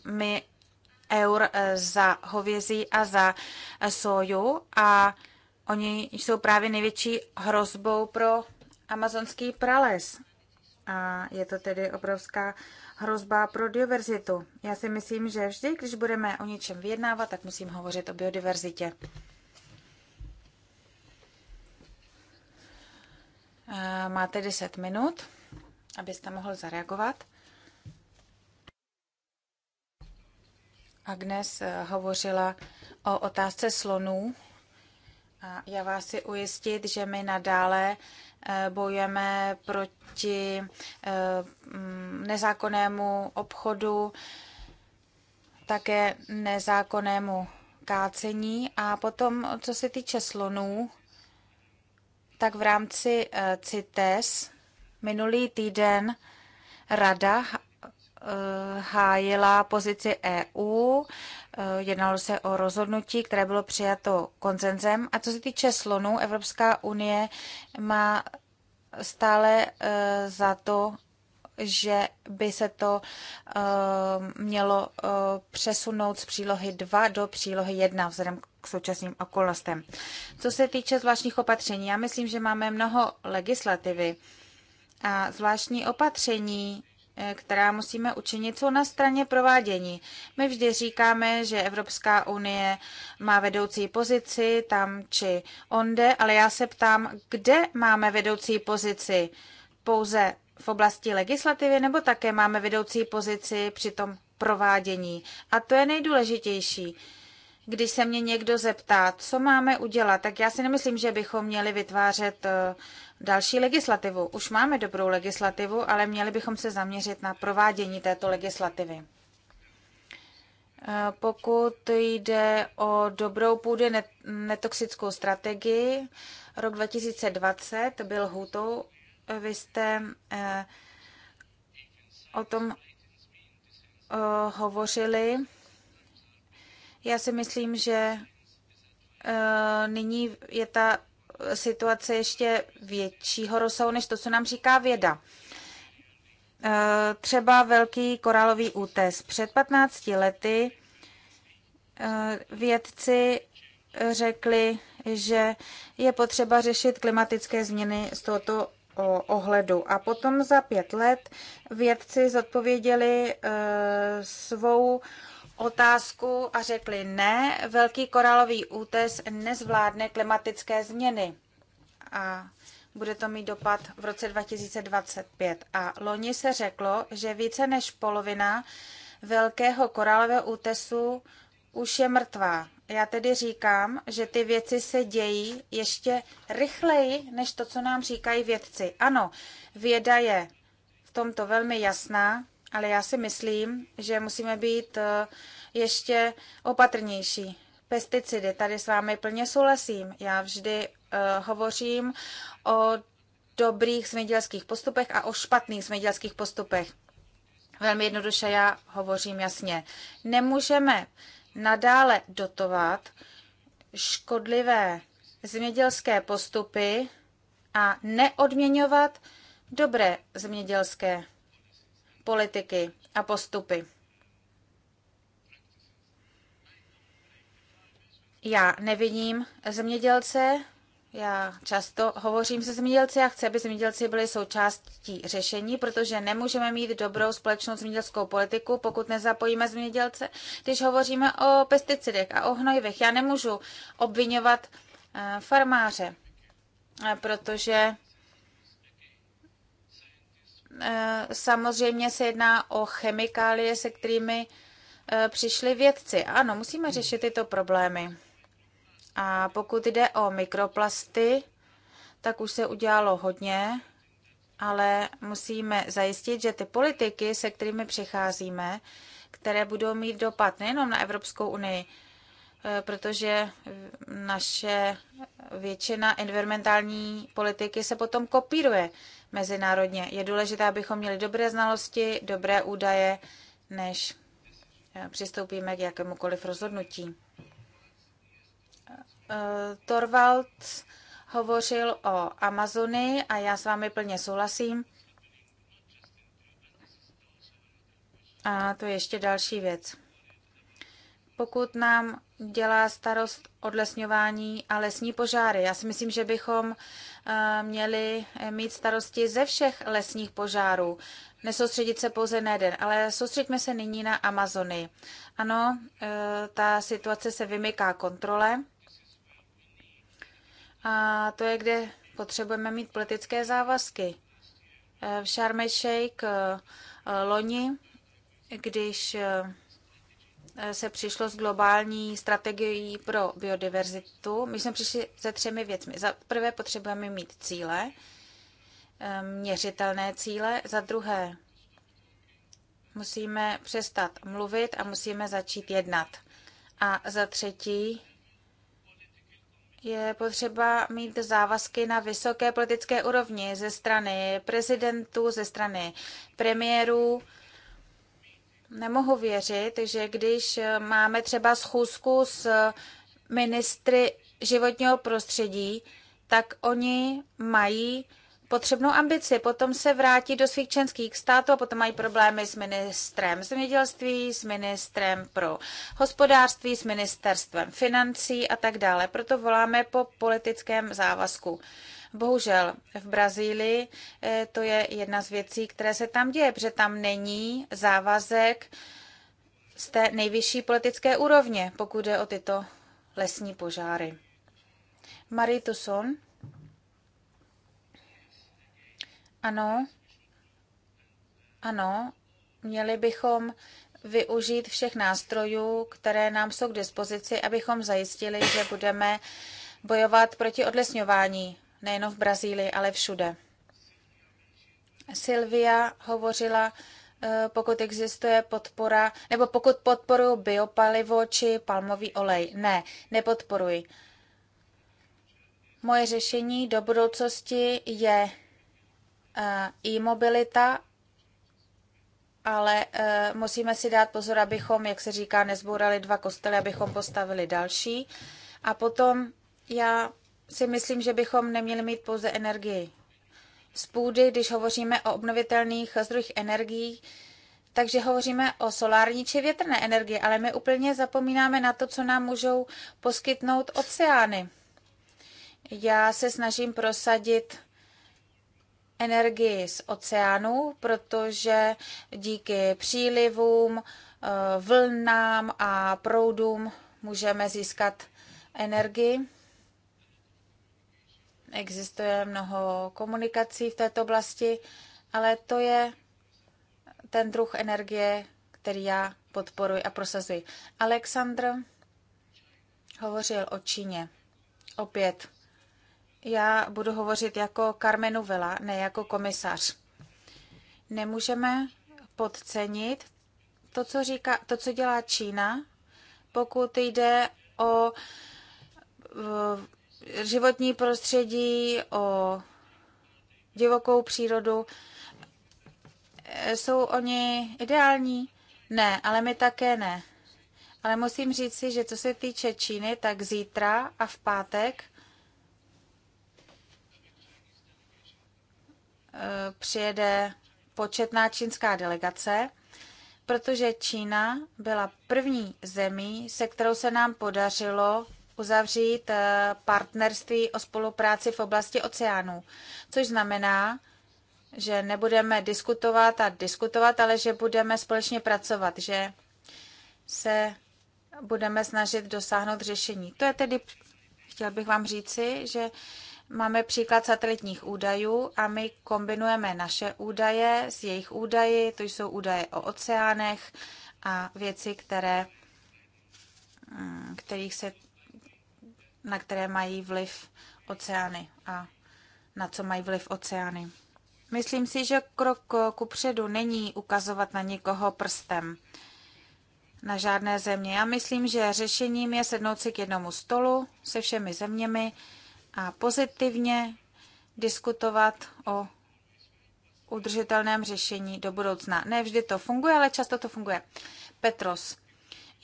eur eh, za hovězí a za eh, soju a oni jsou právě největší hrozbou pro amazonský prales. A je to tedy obrovská hrozba pro biodiverzitu. Já si myslím, že vždy, když budeme o něčem vyjednávat, tak musím hovořit o biodiverzitě. Eh, máte 10 minut, abyste mohl zareagovat. Agnes eh, hovořila o otázce slonů. A já vás si ujistit, že my nadále eh, bojujeme proti eh, mm, nezákonnému obchodu, také nezákonnému kácení. A potom, co se týče slonů, tak v rámci CITES minulý týden Rada Eh, hájila pozici EU. Eh, jednalo se o rozhodnutí, které bylo přijato koncenzem. A co se týče slonů, Evropská unie má stále eh, za to, že by se to mělo přesunout z přílohy 2 do přílohy 1 vzhledem k současným okolnostem. Co se týče zvláštních opatření, já myslím, že máme mnoho legislativy a zvláštní opatření Eh, která musíme učinit, jsou na straně provádění. My vždy říkáme, že Evropská unie má vedoucí pozici tam či onde, ale já se ptám, kde máme vedoucí pozici? Pouze v oblasti legislativy nebo také máme vedoucí pozici při tom provádění? A to je nejdůležitější. Když se mě někdo zeptá, co máme udělat, tak já si nemyslím, že bychom měli vytvářet uh, další legislativu. Už máme dobrou legislativu, ale měli bychom se zaměřit na provádění této legislativy. Eh, pokud jde o dobrou půdy netoxickou strategii, rok 2020 byl hůtou. Vy jste eh, o tom eh, hovořili. Já si myslím, že nyní je ta situace ještě většího rozsahu než to, co nám říká věda. E, třeba velký korálový útes. Před 15 lety e, vědci řekli, že je potřeba řešit klimatické změny z tohoto ohledu. A potom za pět let vědci zodpověděli e, svou otázku a řekli ne, velký koralový útes nezvládne klimatické změny. A bude to mít dopad v roce 2025. A loni se řeklo, že více než polovina velkého koralového útesu už je mrtvá. Já tedy říkám, že ty věci se dějí ještě rychleji, než to, co nám říkají vědci. Ano, věda je v tomto velmi jasná, ale já si myslím, že musíme být eh, ještě opatrnější. Pesticidy, tady s vámi plně souhlasím. Já vždy eh, hovořím o dobrých zemědělských postupech a o špatných zemědělských postupech. Velmi jednoduše já hovořím jasně. Nemůžeme nadále dotovat škodlivé zemědělské postupy a neodměňovat dobré zemědělské politiky a postupy. Já nevidím zemědělce, já často hovořím se zemědělci a chci, aby zemědělci byli součástí řešení, protože nemůžeme mít dobrou společnou zemědělskou politiku, pokud nezapojíme zemědělce. Když hovoříme o pesticidech a o hnojivech, já nemůžu obvinovat eh, farmáře, eh, protože Eh, samozřejmě se jedná o chemikálie, se kterými eh, přišli vědci. Ano, musíme řešit tyto problémy. A pokud jde o mikroplasty, tak už se udělalo hodně, ale musíme zajistit, že ty politiky, se kterými přicházíme, které budou mít dopad nejenom na Evropskou unii, eh, protože naše většina environmentální politiky se potom kopíruje mezinárodně. Je důležité, abychom měli dobré znalosti, dobré údaje, než eh, přistoupíme k jakémukoliv rozhodnutí. Eh, Torvald hovořil o Amazonii a já s vámi plně souhlasím. A to je ještě další věc pokud nám dělá starost odlesňování a lesní požáry. Já si myslím, že bychom eh, měli eh, mít starosti ze všech lesních požárů, nesoustředit se pouze na jeden, ale soustředíme se nyní na Amazony. Ano, eh, ta situace se vymyká kontrole a to je, kde potřebujeme mít politické závazky. V Sharm el loni, když Eh, se přišlo s globální strategií pro biodiverzitu. My jsme přišli se třemi věcmi. Za prvé potřebujeme mít cíle, eh, měřitelné cíle. Za druhé musíme přestat mluvit a musíme začít jednat. A za třetí je potřeba mít závazky na vysoké politické úrovni ze strany prezidentů, ze strany premiérů, nemohu věřit, že když eh, máme třeba schůzku s eh, ministry životního prostředí, tak oni mají potřebnou ambici, potom se vrátí do svých členských států a potom mají problémy s ministrem zemědělství, s ministrem pro hospodářství, s ministerstvem financí a tak dále. Proto voláme po politickém závazku. Bohužel v Brazílii eh, to je jedna z věcí, které se tam děje, protože tam není závazek z té nejvyšší politické úrovně, pokud jde o tyto lesní požáry. Marie Tusson. Ano. Ano. Měli bychom využít všech nástrojů, které nám jsou k dispozici, abychom zajistili, že budeme bojovat proti odlesňování nejenom v Brazílii, ale všude. Silvia hovořila, eh, pokud existuje podpora, nebo pokud podporuji biopalivo či palmový olej. Ne, nepodporuji. Moje řešení do budoucnosti je eh, e-mobilita, ale eh, musíme si dát pozor, abychom, jak se říká, nezbourali dva kostely, abychom postavili další. A potom já si myslím, že bychom neměli mít pouze energii z půdy, když hovoříme o obnovitelných zdrojích energií, takže hovoříme o solární či větrné energii, ale my úplně zapomínáme na to, co nám můžou poskytnout oceány. Já se snažím prosadit energii z oceánu, protože díky přílivům, eh, vlnám a proudům můžeme získat energii. Existuje mnoho komunikací v této oblasti, ale to je ten druh energie, který já podporuji a prosazuji. Aleksandr hovořil o Číně. Opět, já budu hovořit jako Carmenu Vela, ne jako komisař. Nemůžeme podcenit to, co, říká, to, co dělá Čína, pokud jde o životní prostředí, o divokou přírodu. E, jsou oni ideální? Ne, ale my také ne. Ale musím říct si, že co se týče Číny, tak zítra a v pátek e, přijede početná čínská delegace, protože Čína byla první zemí, se kterou se nám podařilo uzavřít eh, partnerství o spolupráci v oblasti oceánů, což znamená, že nebudeme diskutovat a diskutovat, ale že budeme společně pracovat, že se budeme snažit dosáhnout řešení. To je tedy, chtěl bych vám říci, že máme příklad satelitních údajů a my kombinujeme naše údaje s jejich údaji, to jsou údaje o oceánech a věci, které, mm, kterých se na které mají vliv oceány a na co mají vliv oceány. Myslím si, že krok ku předu není ukazovat na někoho prstem, na žádné země. Já myslím, že řešením je sednout si k jednomu stolu se všemi zeměmi a pozitivně diskutovat o udržitelném řešení do budoucna. Ne vždy to funguje, ale často to funguje. Petros,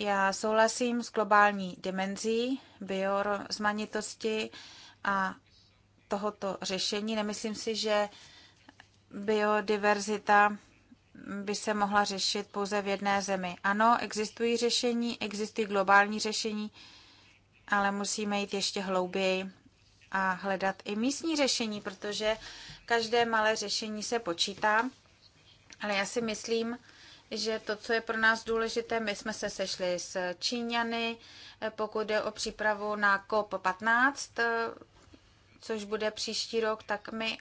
já souhlasím s globální dimenzí biorozmanitosti a tohoto řešení. Nemyslím si, že biodiverzita by se mohla řešit pouze v jedné zemi. Ano, existují řešení, existují globální řešení, ale musíme jít ještě hlouběji a hledat i místní řešení, protože každé malé řešení se počítá. Ale já si myslím, že to, co je pro nás důležité, my jsme se sešli s Číňany, eh, pokud je o přípravu na COP15, eh, což bude příští rok, tak my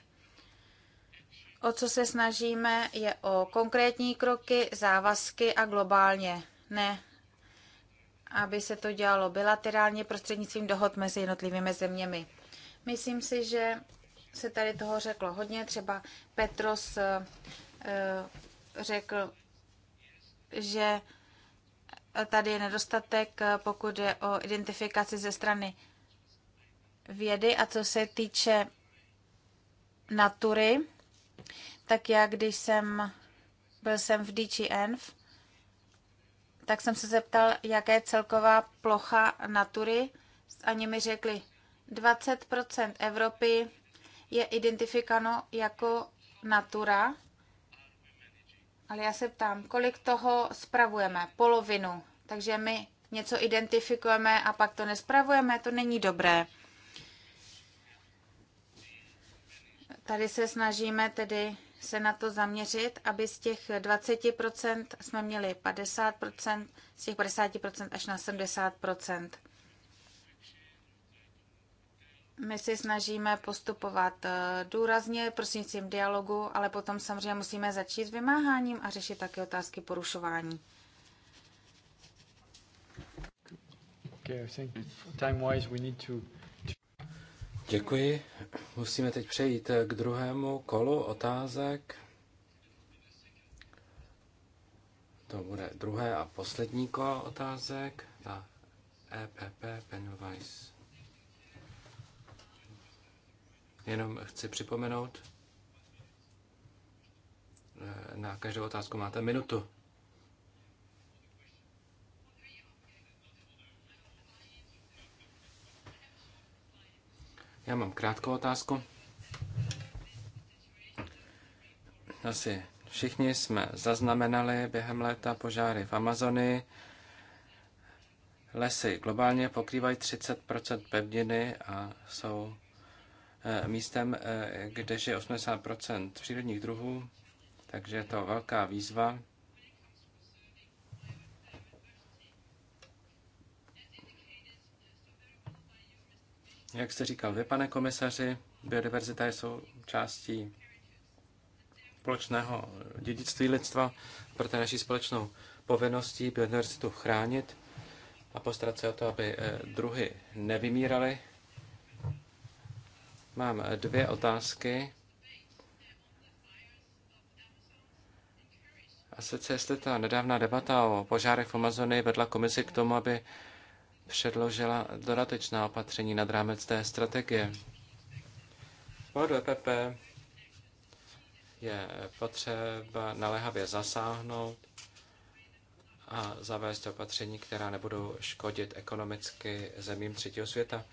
o co se snažíme, je o konkrétní kroky, závazky a globálně. Ne, aby se to dělalo bilaterálně prostřednictvím dohod mezi jednotlivými zeměmi. Myslím si, že se tady toho řeklo hodně. Třeba Petros eh, řekl, že tady je nedostatek, pokud je o identifikaci ze strany vědy. A co se týče natury, tak já, když jsem byl jsem v DG tak jsem se zeptal, jaká je celková plocha natury. Ani mi řekli, 20% Evropy je identifikáno jako natura ale já se ptám, kolik toho spravujeme? Polovinu. Takže my něco identifikujeme a pak to nespravujeme, to není dobré. Tady se snažíme tedy se na to zaměřit, aby z těch 20% jsme měli 50%, z těch 50% až na 70% my si snažíme postupovat eh, důrazně prostřednictvím dialogu, ale potom samozřejmě musíme začít s vymáháním a řešit také otázky porušování. Děkuji. Musíme teď přejít eh, k druhému kolu otázek. To bude druhé a poslední kolo otázek. Ta EPP Penwise. Jenom chci připomenout, eh, na každou otázku máte minutu. Já mám krátkou otázku. Asi všichni jsme zaznamenali během léta požáry v Amazonii. Lesy globálně pokrývají 30 pevniny a jsou Eh, místem, eh, kde je 80 přírodních druhů, takže je to velká výzva. Jak jste říkal vy, pane komisaři, biodiverzita je součástí společného dědictví lidstva, proto je naší společnou povinností biodiverzitu chránit a postarat se o to, aby eh, druhy nevymíraly, Mám eh, dvě otázky. A sice jestli ta nedávná debata o požárech v Amazonii vedla komisi k tomu, aby předložila dodatečná opatření nad rámec té strategie. Pod EPP je potřeba naléhavě zasáhnout a zavést opatření, která nebudou škodit ekonomicky zemím třetího světa.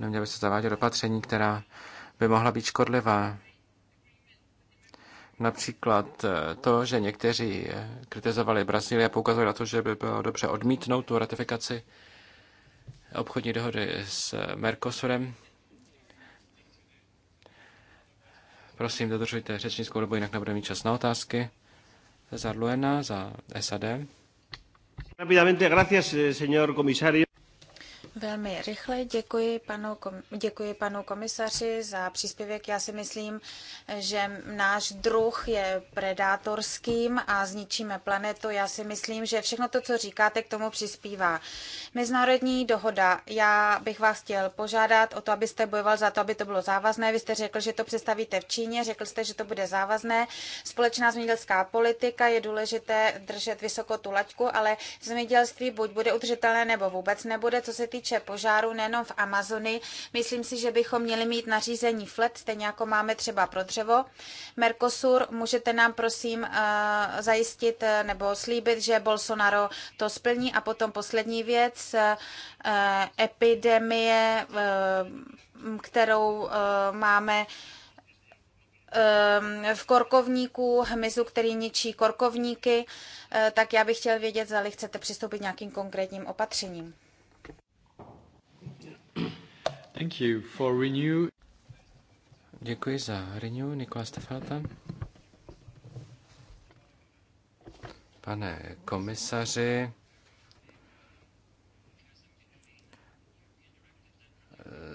Neměly by se zavádět opatření, která by mohla být škodlivá. Například eh, to, že někteří eh, kritizovali Brazílii a poukazovali na to, že by bylo dobře odmítnout tu ratifikaci obchodní dohody s Mercosurem. Prosím, dodržujte řečnickou dobu, jinak nebude mít čas na otázky. Za Luena, za SAD. Rápidamente, gracias, eh, señor comisario. Velmi rychle děkuji panu, děkuji panu komisaři za příspěvek. Já si myslím, že náš druh je predátorským a zničíme planetu. Já si myslím, že všechno to, co říkáte, k tomu přispívá. Mezinárodní dohoda. Já bych vás chtěl požádat o to, abyste bojoval za to, aby to bylo závazné. Vy jste řekl, že to představíte v Číně, řekl jste, že to bude závazné. Společná zemědělská politika je důležité držet vysoko tu laťku, ale zemědělství buď bude udržitelné nebo vůbec nebude, co se týče týče požáru nejenom v Amazonii, myslím si, že bychom měli mít nařízení FLET, stejně jako máme třeba pro dřevo. Mercosur, můžete nám prosím eh, zajistit eh, nebo slíbit, že Bolsonaro to splní. A potom poslední věc, eh, epidemie, kterou máme v korkovníku, hmyzu, který ničí korkovníky, tak já bych chtěl vědět, zda chcete přistoupit nějakým konkrétním opatřením. Thank you for renew. Děkuji za Renew, Nikola Stefáta. Pane komisaři,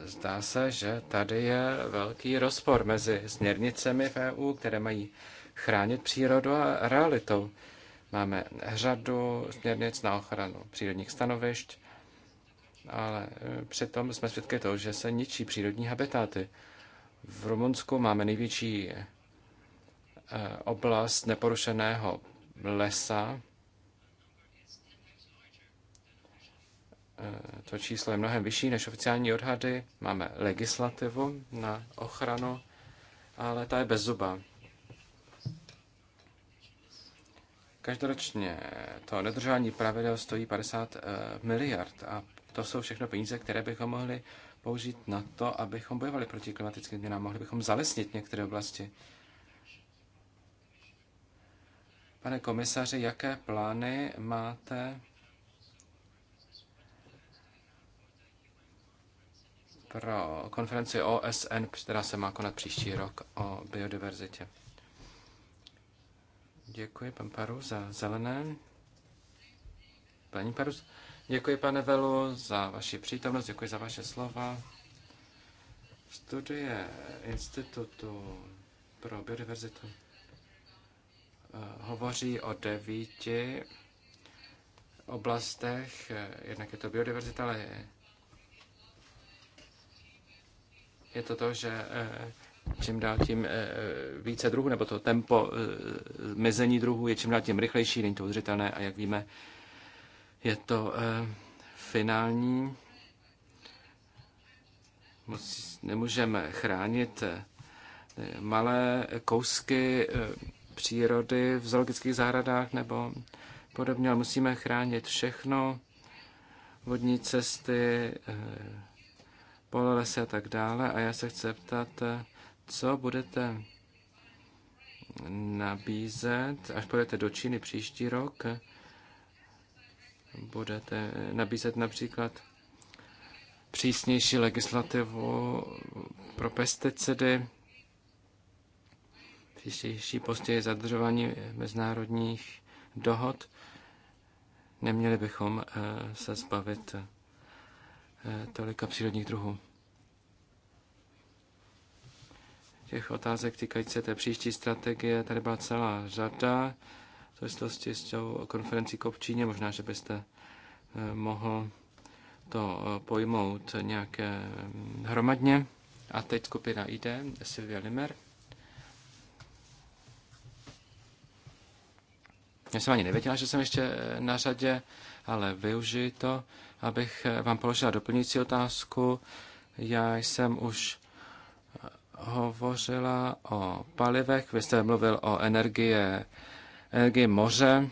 zdá se, že tady je velký rozpor mezi směrnicemi v EU, které mají chránit přírodu a realitou. Máme řadu směrnic na ochranu přírodních stanovišť, ale e, přitom jsme svědky toho, že se ničí přírodní habitáty. V Rumunsku máme největší e, oblast neporušeného lesa. E, to číslo je mnohem vyšší než oficiální odhady. Máme legislativu na ochranu, ale ta je bez zuba. Každoročně to nedržání pravidel stojí 50 miliard a to jsou všechno peníze, které bychom mohli použít na to, abychom bojovali proti klimatickým změnám. Mohli bychom zalesnit některé oblasti. Pane komisaři, jaké plány máte pro konferenci OSN, která se má konat příští rok o biodiverzitě? Děkuji, pan Paru, za zelené. Paní Parus, Děkuji, pane Velu, za vaši přítomnost, děkuji za vaše slova. Studie Institutu pro biodiverzitu eh, hovoří o devíti oblastech. Jednak je to biodiverzita, ale je to to, že eh, čím dál tím eh, více druhů, nebo to tempo mezení druhů je čím dál tím rychlejší, není to udržitelné a jak víme, je to eh, finální. Nemůžeme chránit eh, malé kousky eh, přírody v zoologických zahradách nebo podobně, ale musíme chránit všechno, vodní cesty, pololesy a tak dále. A já se chci ptat, co budete nabízet, až půjdete do Číny příští rok, budete nabízet například přísnější legislativu pro pesticidy, přísnější postoje zadržování mezinárodních dohod. Neměli bychom eh, se zbavit eh, tolika přírodních druhů. Těch otázek týkající té příští strategie tady byla celá řada v souvislosti s tou konferencí Kopčíně. Možná, že byste eh, mohl to eh, pojmout nějak mm, hromadně. A teď skupina ID, Sylvia Limer. Já jsem ani nevěděla, že jsem ještě eh, na řadě, ale využiji to, abych vám položila doplňující otázku. Já jsem už hovořila o palivech, vy jste mluvil o energie Egy moře,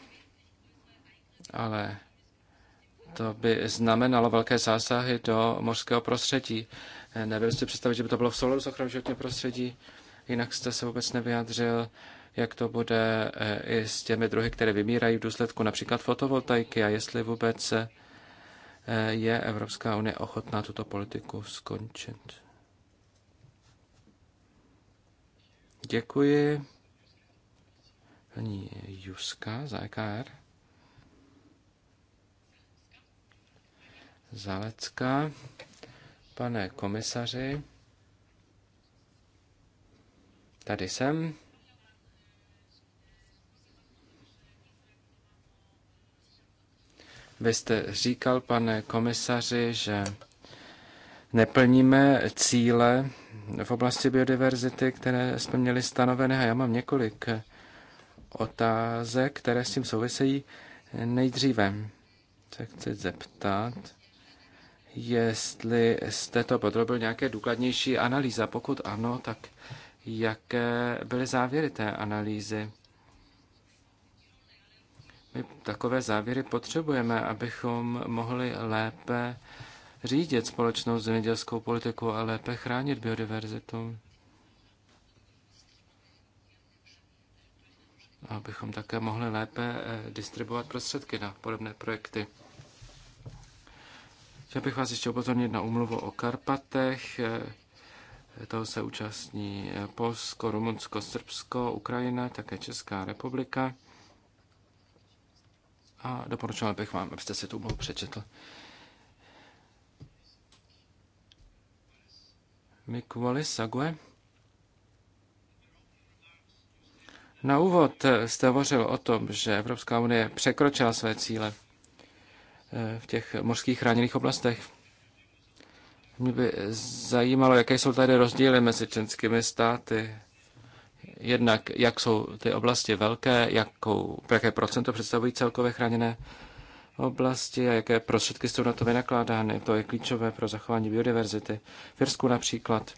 ale to by znamenalo velké zásahy do mořského prostředí. Nebyl si představit, že by to bylo v souladu s ochranou životního prostředí, jinak jste se vůbec nevyjádřil, jak to bude eh, i s těmi druhy, které vymírají v důsledku například fotovoltaiky a jestli vůbec eh, je Evropská unie ochotná tuto politiku skončit. Děkuji paní Juska za EKR. Zalecka, pane komisaři, tady jsem. Vy jste říkal, pane komisaři, že neplníme cíle v oblasti biodiverzity, které jsme měli stanovené. A já mám několik otázek, které s tím souvisejí. Nejdříve se chci zeptat, jestli jste to podrobil nějaké důkladnější analýza. Pokud ano, tak jaké byly závěry té analýzy? My takové závěry potřebujeme, abychom mohli lépe řídit společnou zemědělskou politiku a lépe chránit biodiverzitu. abychom také mohli lépe eh, distribuovat prostředky na podobné projekty. Chtěl bych vás ještě upozornit na umluvu o Karpatech. Eh, toho se účastní eh, Polsko, Rumunsko, Srbsko, Ukrajina, také Česká republika. A doporučoval bych vám, abyste si tu umluvu přečetl. Mikuali Sague. Na úvod jste hovořil o tom, že Evropská unie překročila své cíle eh, v těch mořských chráněných oblastech. Mě by zajímalo, jaké jsou tady rozdíly mezi členskými státy. Jednak, jak jsou ty oblasti velké, jakou, jaké procento představují celkově chráněné oblasti a jaké prostředky jsou na to vynakládány. To je klíčové pro zachování biodiverzity. V Irsku například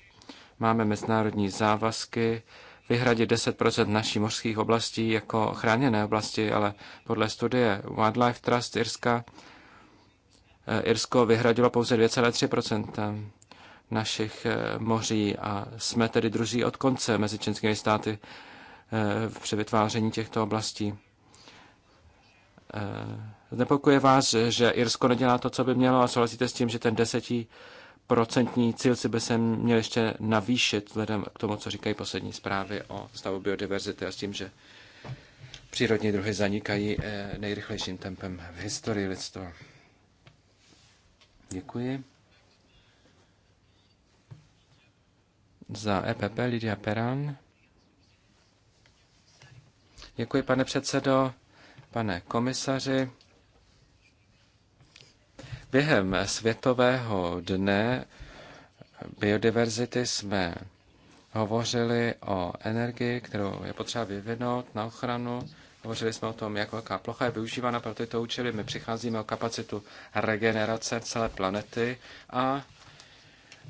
máme mezinárodní závazky vyhradit 10 naší mořských oblastí jako chráněné oblasti, ale podle studie Wildlife Trust Irska eh, Irsko vyhradilo pouze 2,3 našich eh, moří a jsme tedy druží od konce mezi členskými státy eh, při vytváření těchto oblastí. Znepokuje vás, že Irsko nedělá to, co by mělo a souhlasíte s tím, že ten desetí procentní cíl si by se měl ještě navýšit vzhledem k tomu, co říkají poslední zprávy o stavu biodiverzity a s tím, že přírodní druhy zanikají eh, nejrychlejším tempem v historii lidstva. Děkuji. Za EPP Lidia Peran. Děkuji, pane předsedo, pane komisaři. Během Světového dne biodiverzity jsme hovořili o energii, kterou je potřeba vyvinout na ochranu. Hovořili jsme o tom, jak velká plocha je využívána pro tyto účely. My přicházíme o kapacitu regenerace celé planety a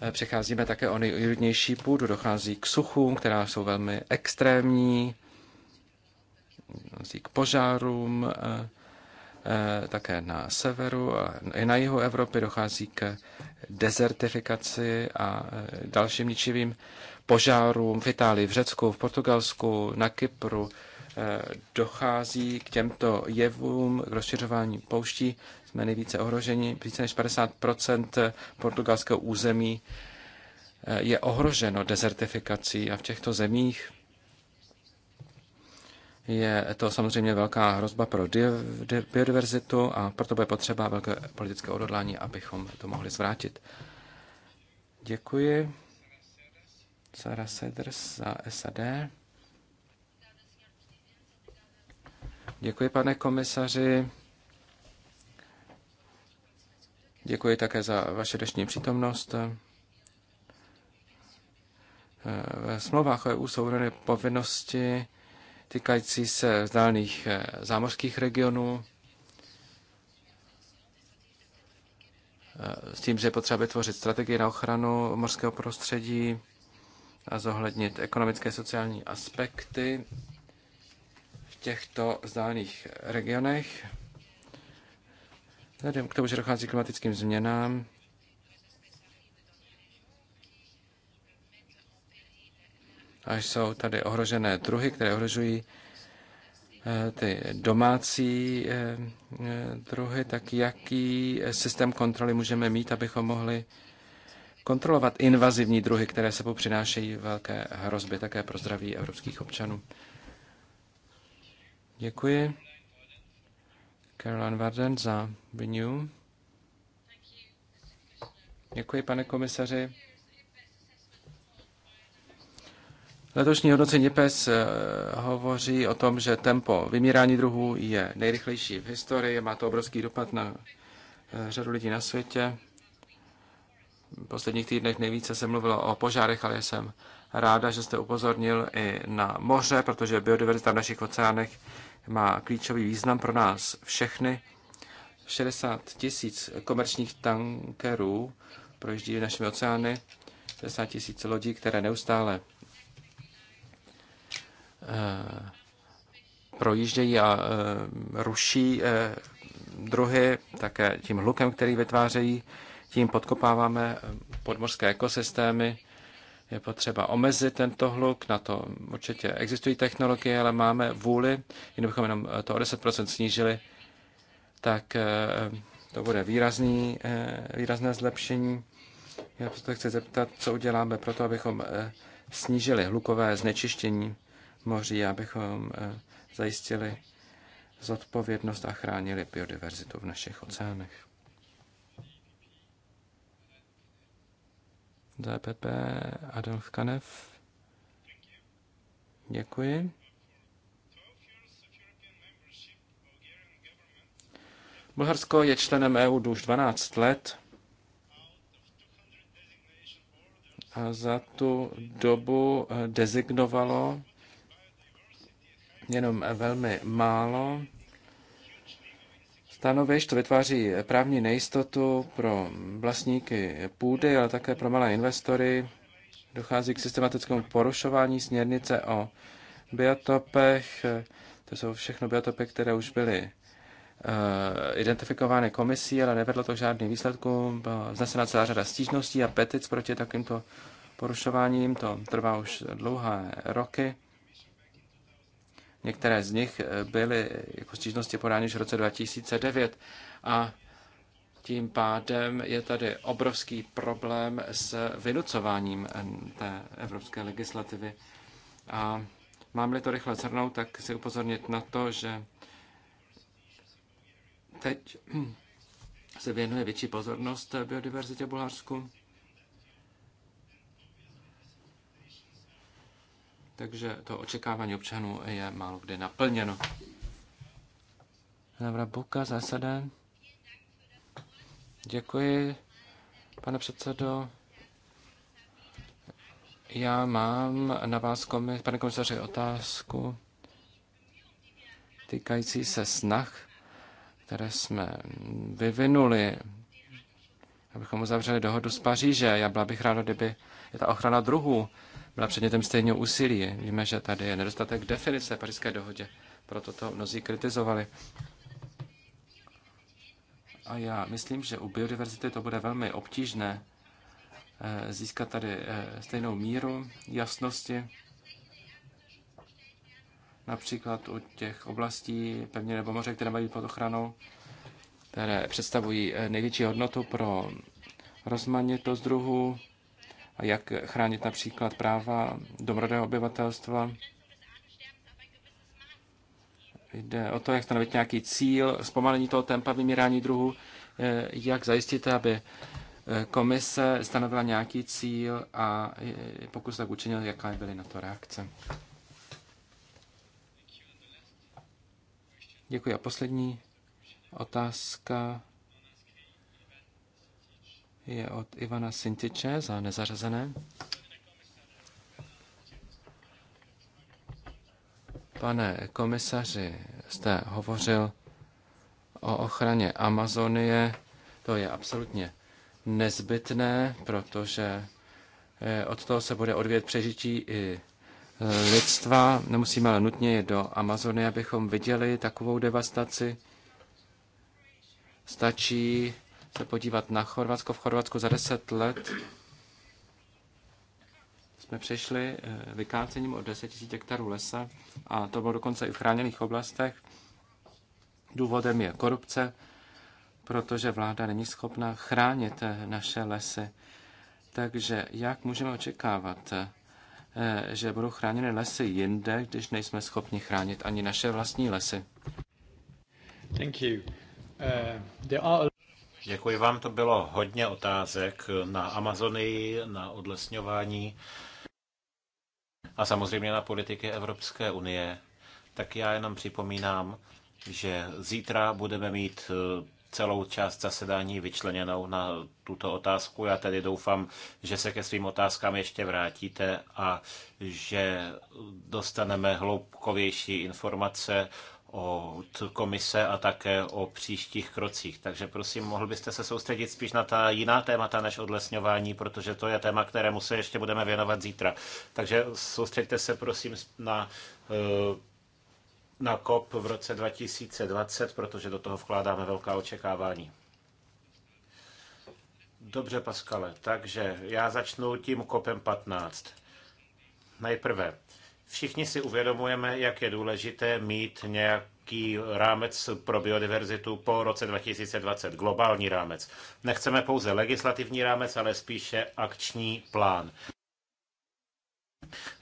e, přicházíme také o nejúrodnější půdu. Dochází k suchům, která jsou velmi extrémní, k požárům, e, Eh, také na severu a i na jihu Evropy dochází k dezertifikaci a eh, dalším ničivým požárům v Itálii, v Řecku, v Portugalsku, na Kypru. Eh, dochází k těmto jevům, k rozšiřování pouští. Jsme nejvíce ohroženi. Více než 50 portugalského území je ohroženo dezertifikací a v těchto zemích je to samozřejmě velká hrozba pro biodiverzitu a proto bude potřeba velké politické odhodlání, abychom to mohli zvrátit. Děkuji. Sarah Seders za SAD. Děkuji, pane komisaři. Děkuji také za vaše dnešní přítomnost. Ve smlouvách EU jsou povinnosti týkající se vzdálených eh, zámořských regionů, eh, s tím, že je potřeba vytvořit strategii na ochranu mořského prostředí a zohlednit ekonomické a sociální aspekty v těchto vzdálených eh, regionech. Vzhledem k tomu, že dochází k klimatickým změnám, a jsou tady ohrožené druhy, které ohrožují eh, ty domácí eh, eh, druhy, tak jaký systém kontroly můžeme mít, abychom mohli kontrolovat invazivní druhy, které sebou přinášejí velké hrozby také pro zdraví evropských občanů. Děkuji. Caroline Varden za Renew. Děkuji, pane komisaři. Letošní hodnocení PES eh, hovoří o tom, že tempo vymírání druhů je nejrychlejší v historii, má to obrovský dopad na eh, řadu lidí na světě. V posledních týdnech nejvíce se mluvilo o požárech, ale jsem ráda, že jste upozornil i na moře, protože biodiverzita v našich oceánech má klíčový význam pro nás všechny. 60 tisíc komerčních tankerů projíždí našimi oceány, 60 tisíc lodí, které neustále Eh, projíždějí a eh, ruší eh, druhy, také tím hlukem, který vytvářejí, tím podkopáváme podmořské ekosystémy. Je potřeba omezit tento hluk, na to určitě existují technologie, ale máme vůli, kdybychom jenom to o 10% snížili, tak to bude výrazný, výrazné zlepšení. Já se chci zeptat, co uděláme pro to, abychom snížili hlukové znečištění moří, abychom eh, zajistili zodpovědnost a chránili biodiverzitu v našich oceánech. ZPP e Adolf Kanev. Děkuji. Bulharsko je členem EU už 12 let a za tu dobu eh, dezignovalo jenom velmi málo Stanoviš To vytváří právní nejistotu pro vlastníky půdy, ale také pro malé investory. Dochází k systematickému porušování směrnice o biotopech. To jsou všechno biotopy, které už byly eh, identifikovány komisí, ale nevedlo to k žádným výsledkům. Byla vznesena celá řada stížností a petic proti takýmto porušováním. To trvá už dlouhé roky. Některé z nich eh, byly jako stížnosti podány už v roce 2009 a tím pádem je tady obrovský problém s vynucováním eh, té evropské legislativy. A mám-li to rychle zhrnout, tak si upozornit na to, že teď se věnuje větší pozornost biodiverzitě v Bulharsku. takže to očekávání občanů je málo kdy naplněno. Návra Buka, zásada. Děkuji, pane předsedo. Já mám na vás, pane komisaři, otázku týkající se snah, které jsme vyvinuli, abychom uzavřeli dohodu z Paříže. Já byla bych ráda, kdyby je ta ochrana druhů byla předmětem stejného úsilí. Víme, že tady je nedostatek definice pařížské dohodě, proto to mnozí kritizovali. A já myslím, že u biodiverzity to bude velmi obtížné eh, získat tady eh, stejnou míru jasnosti, například u těch oblastí pevně nebo moře, které mají pod ochranou, které představují eh, největší hodnotu pro rozmanitost druhů, jak chránit například práva domorodého obyvatelstva. Jde o to, jak stanovit nějaký cíl, zpomalení toho tempa vymírání druhů, eh, jak zajistit, aby eh, komise stanovila nějaký cíl a eh, pokud tak učinil, jaká byly na to reakce. Děkuji. A poslední otázka je od Ivana Sintiče za nezařazené. Pane komisaři, jste hovořil o ochraně Amazonie. To je absolutně nezbytné, protože eh, od toho se bude odvět přežití i eh, lidstva. Nemusíme ale nutně jít do Amazonie, abychom viděli takovou devastaci. Stačí se podívat na Chorvatsko. V Chorvatsku za deset let jsme přešli eh, vykácením o 10 000 hektarů lesa a to bylo dokonce i v chráněných oblastech. Důvodem je korupce, protože vláda není schopna chránit eh, naše lesy. Takže jak můžeme očekávat, eh, že budou chráněny lesy jinde, když nejsme schopni chránit ani naše vlastní lesy? Thank you. Uh, there are... Děkuji vám, to bylo hodně otázek na Amazonii, na odlesňování a samozřejmě na politiky Evropské unie. Tak já jenom připomínám, že zítra budeme mít eh, celou část zasedání vyčleněnou na tuto otázku. Já tedy doufám, že se ke svým otázkám ještě vrátíte a že dostaneme hloubkovější informace od komise a také o příštích krocích. Takže prosím, mohl byste se soustředit spíš na ta jiná témata než odlesňování, protože to je téma, kterému se ještě budeme věnovat zítra. Takže soustředte se prosím na eh, na COP v roce 2020, protože do toho vkládáme velká očekávání. Dobře, Paskale, takže já začnu tím COPem 15. Nejprve, Všichni si uvědomujeme, jak je důležité mít nějaký rámec pro biodiverzitu po roce 2020, globální rámec. Nechceme pouze legislativní rámec, ale spíše akční plán.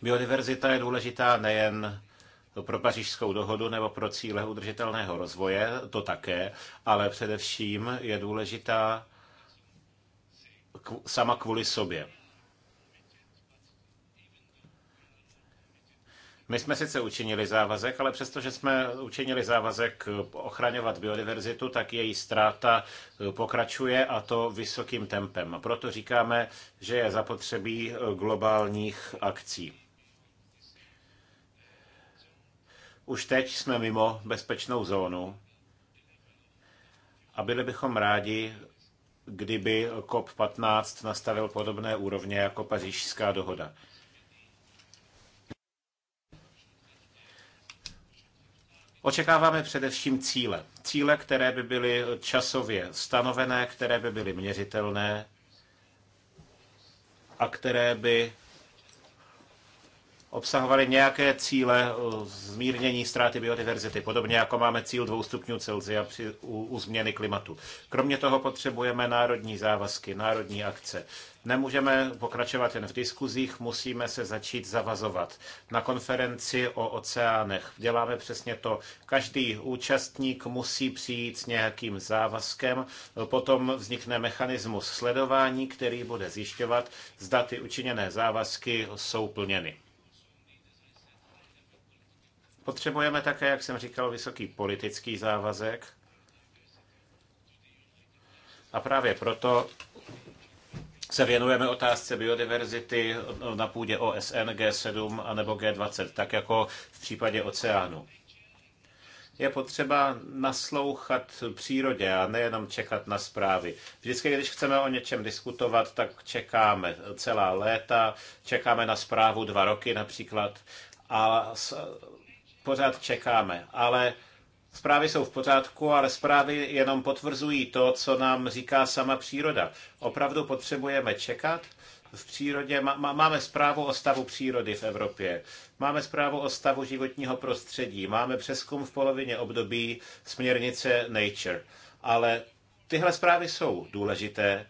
Biodiverzita je důležitá nejen pro pařížskou dohodu nebo pro cíle udržitelného rozvoje, to také, ale především je důležitá sama kvůli sobě. My jsme sice učinili závazek, ale přestože jsme učinili závazek ochraňovat biodiverzitu, tak její ztráta eh, pokračuje a to vysokým tempem. Proto říkáme, že je zapotřebí eh, globálních akcí. Už teď jsme mimo bezpečnou zónu a byli bychom rádi, kdyby COP15 nastavil podobné úrovně jako pařížská dohoda. Očekáváme především cíle. Cíle, které by byly časově stanovené, které by byly měřitelné a které by obsahovaly nějaké cíle eh, zmírnění ztráty biodiverzity, podobně jako máme cíl 2 stupňů Celsia při, u, u změny klimatu. Kromě toho potřebujeme národní závazky, národní akce. Nemůžeme pokračovat jen v diskuzích, musíme se začít zavazovat. Na konferenci o oceánech děláme přesně to. Každý účastník musí přijít s nějakým závazkem, potom vznikne mechanismus sledování, který bude zjišťovat, zda ty učiněné závazky jsou plněny. Potřebujeme také, jak jsem říkal, vysoký politický závazek. A právě proto se věnujeme otázce biodiverzity na půdě OSN, G7 a nebo G20, tak jako v případě oceánu. Je potřeba naslouchat přírodě a nejenom čekat na zprávy. Vždycky, když chceme o něčem diskutovat, tak čekáme celá léta, čekáme na zprávu dva roky například a pořád čekáme, ale Zprávy jsou v pořádku, ale zprávy jenom potvrzují to, co nám říká sama příroda. Opravdu potřebujeme čekat. V přírodě máme zprávu o stavu přírody v Evropě, máme zprávu o stavu životního prostředí, máme přeskum v polovině období směrnice Nature. Ale tyhle zprávy jsou důležité,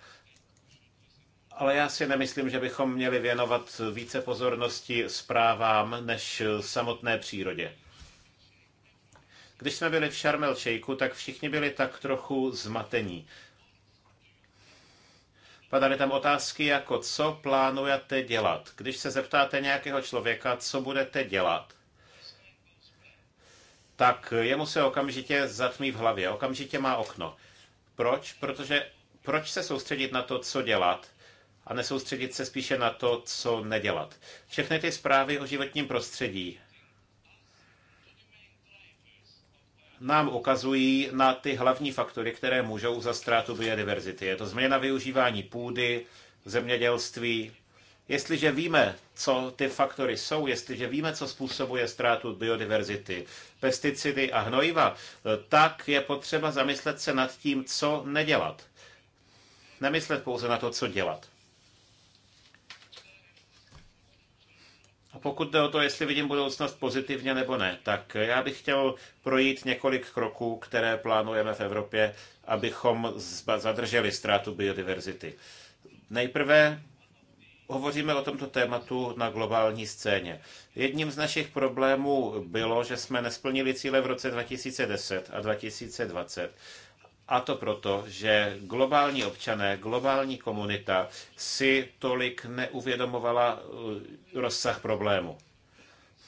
ale já si nemyslím, že bychom měli věnovat více pozornosti zprávám než samotné přírodě. Když jsme byli v Šarmel el tak všichni byli tak trochu zmatení. Padaly tam otázky jako, co plánujete dělat? Když se zeptáte nějakého člověka, co budete dělat, tak jemu se okamžitě zatmí v hlavě, okamžitě má okno. Proč? Protože proč se soustředit na to, co dělat, a nesoustředit se spíše na to, co nedělat. Všechny ty zprávy o životním prostředí nám ukazují na ty hlavní faktory, které můžou za ztrátu biodiverzity. Je to změna využívání půdy, zemědělství. Jestliže víme, co ty faktory jsou, jestliže víme, co způsobuje ztrátu biodiverzity, pesticidy a hnojiva, tak je potřeba zamyslet se nad tím, co nedělat. Nemyslet pouze na to, co dělat. pokud jde o to, jestli vidím budoucnost pozitivně nebo ne, tak já bych chtěl projít několik kroků, které plánujeme v Evropě, abychom zadrželi ztrátu biodiverzity. Nejprve hovoříme o tomto tématu na globální scéně. Jedním z našich problémů bylo, že jsme nesplnili cíle v roce 2010 a 2020 a to proto, že globální občané, globální komunita si tolik neuvědomovala eh, rozsah problému.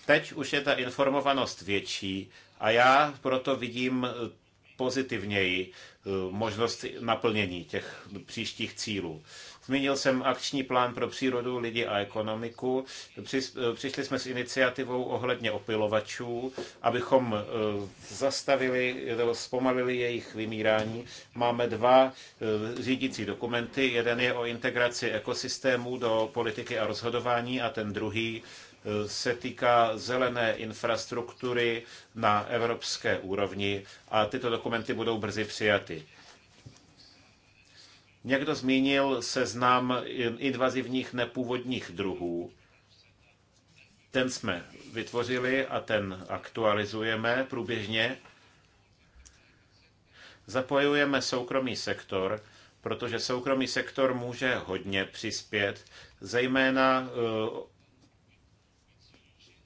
Teď už je ta informovanost větší a já proto vidím eh, pozitivněji eh, možnost naplnění těch příštích cílů. Zmínil jsem akční plán pro přírodu, lidi a ekonomiku. Eh, přišli jsme s iniciativou ohledně opilovačů, abychom eh, zastavili, zpomalili jejich vymírání. Máme dva eh, řídící dokumenty. Jeden je o integraci ekosystémů do politiky a rozhodování a ten druhý se týká zelené infrastruktury na evropské úrovni a tyto dokumenty budou brzy přijaty. Někdo zmínil seznam invazivních nepůvodních druhů. Ten jsme vytvořili a ten aktualizujeme průběžně. Zapojujeme soukromý sektor, protože soukromý sektor může hodně přispět, zejména eh,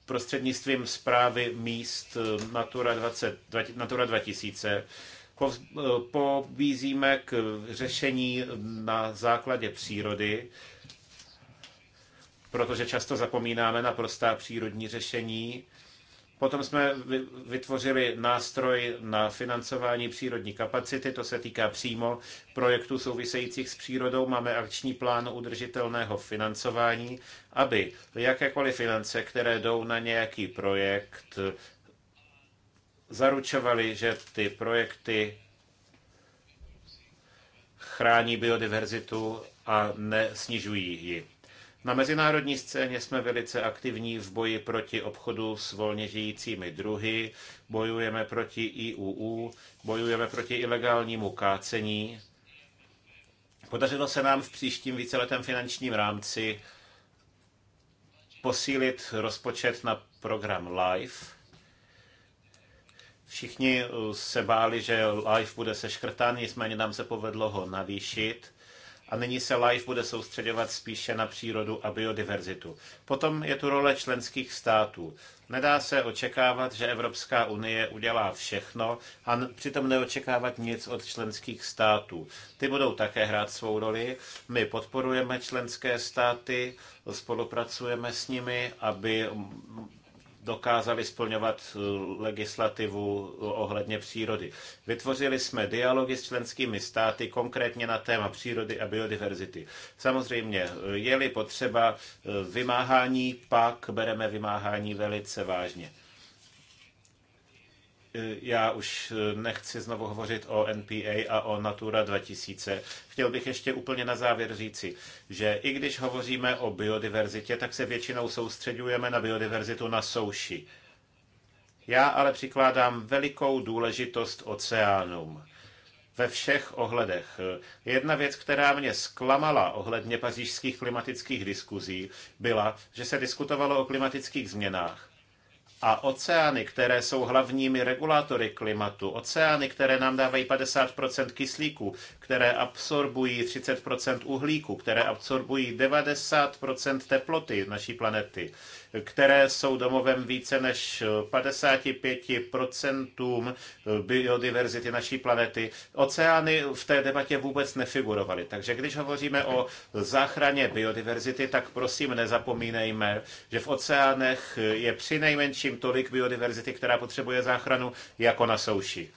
prostřednictvím zprávy míst eh, Natura, 20, Natura 2000, povízíme k řešení na základě přírody, protože často zapomínáme na prostá přírodní řešení. Potom jsme vytvořili nástroj na financování přírodní kapacity, to se týká přímo projektů souvisejících s přírodou. Máme akční plán udržitelného financování, aby jakékoliv finance, které jdou na nějaký projekt, zaručovali, že ty projekty chrání biodiverzitu a nesnižují ji. Na mezinárodní scéně jsme velice aktivní v boji proti obchodu s volně žijícími druhy, bojujeme proti IUU, bojujeme proti ilegálnímu kácení. Podařilo se nám v příštím víceletém finančním rámci posílit rozpočet na program LIFE Všichni eh, se báli, že live bude seškrtán, nicméně nám se povedlo ho navýšit a nyní se LIFE bude soustředovat spíše na přírodu a biodiverzitu. Potom je tu role členských států. Nedá se očekávat, že Evropská unie udělá všechno a přitom neočekávat nic od členských států. Ty budou také hrát svou roli. My podporujeme členské státy, spolupracujeme s nimi, aby dokázali splňovat eh, legislativu eh, ohledně přírody. Vytvořili jsme dialogy s členskými státy konkrétně na téma přírody a biodiverzity. Samozřejmě, eh, je-li potřeba vymáhání, pak bereme vymáhání velice vážně já už eh, nechci znovu hovořit o NPA a o Natura 2000. Chtěl bych ještě úplně na závěr říci, že i když hovoříme o biodiverzitě, tak se většinou soustředujeme na biodiverzitu na souši. Já ale přikládám velikou důležitost oceánům ve všech ohledech. Jedna věc, která mě zklamala ohledně pařížských klimatických diskuzí, byla, že se diskutovalo o klimatických změnách, a oceány, které jsou hlavními regulátory klimatu, oceány, které nám dávají 50% kyslíku, které absorbují 30% uhlíku, které absorbují 90% teploty naší planety, které jsou domovem více než 55% biodiverzity naší planety. Oceány v té debatě vůbec nefigurovaly. Takže když hovoříme o záchraně biodiverzity, tak prosím nezapomínejme, že v oceánech je nejmenším tolik biodiverzity, která potřebuje záchranu, jako na souši.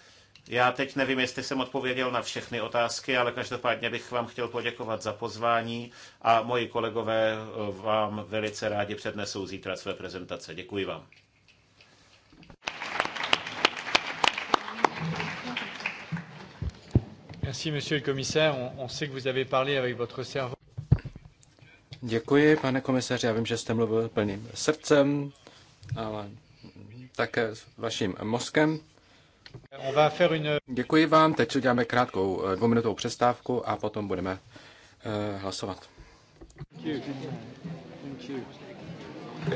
Já teď nevím, jestli jsem odpověděl na všechny otázky, ale každopádně bych vám chtěl poděkovat za pozvání a moji kolegové eh, vám velice rádi přednesou zítra své prezentace. Děkuji vám. Merci, monsieur le commissaire. On, on sait que vous avez parlé avec votre cerveau. Děkuji, pane komisaři. Já vím, že jste mluvil plným srdcem, ale také s vaším mozkem. Děkuji vám, teď uděláme krátkou eh, dvouminutovou přestávku a potom budeme eh, hlasovat. Thank euh, je Thank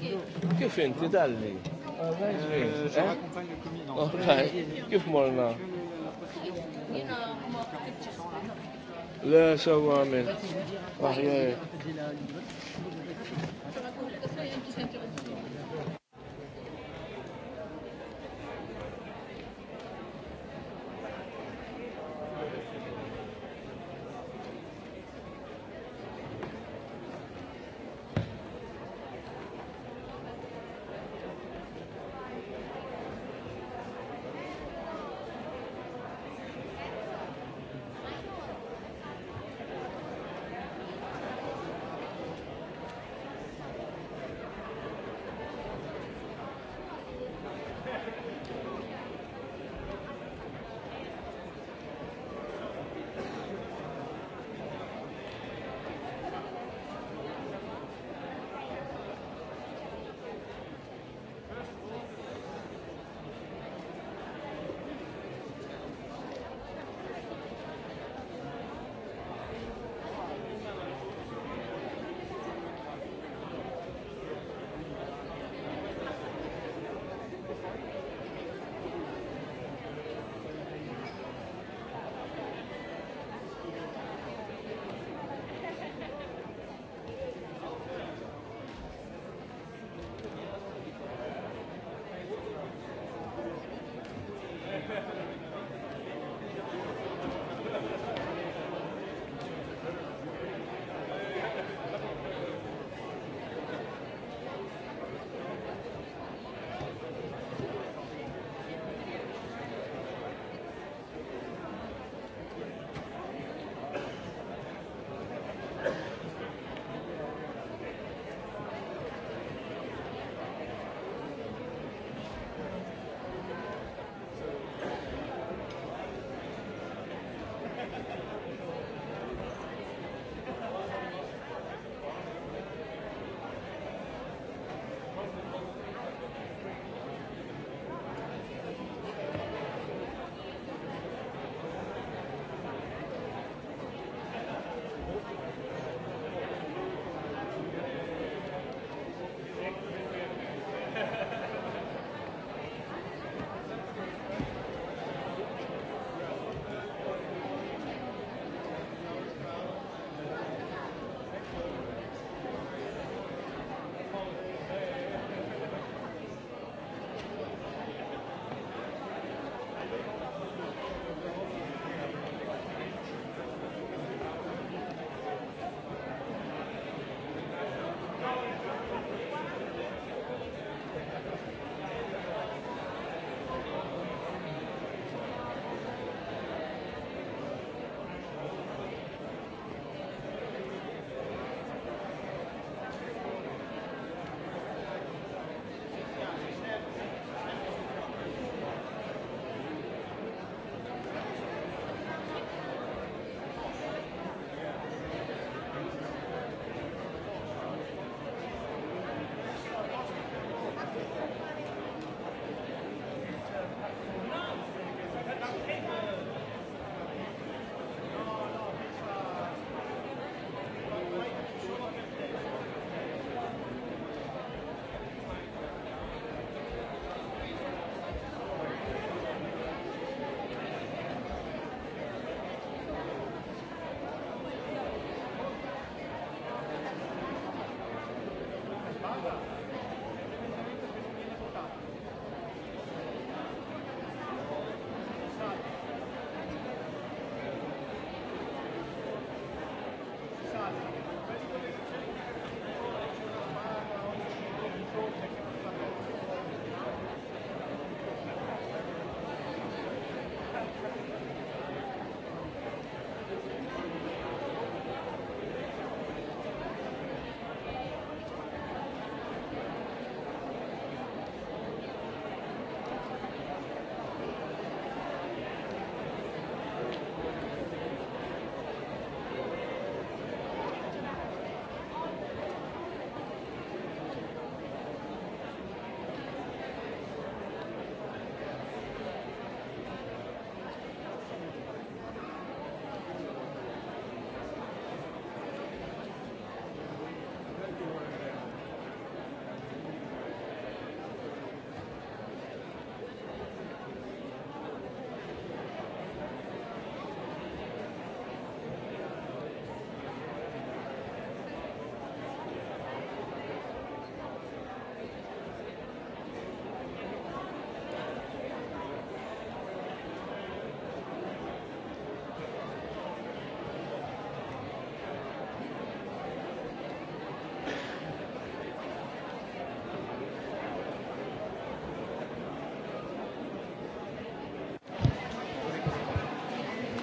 you. Kif inti dalli? Kif morna? لا سوى من وحياه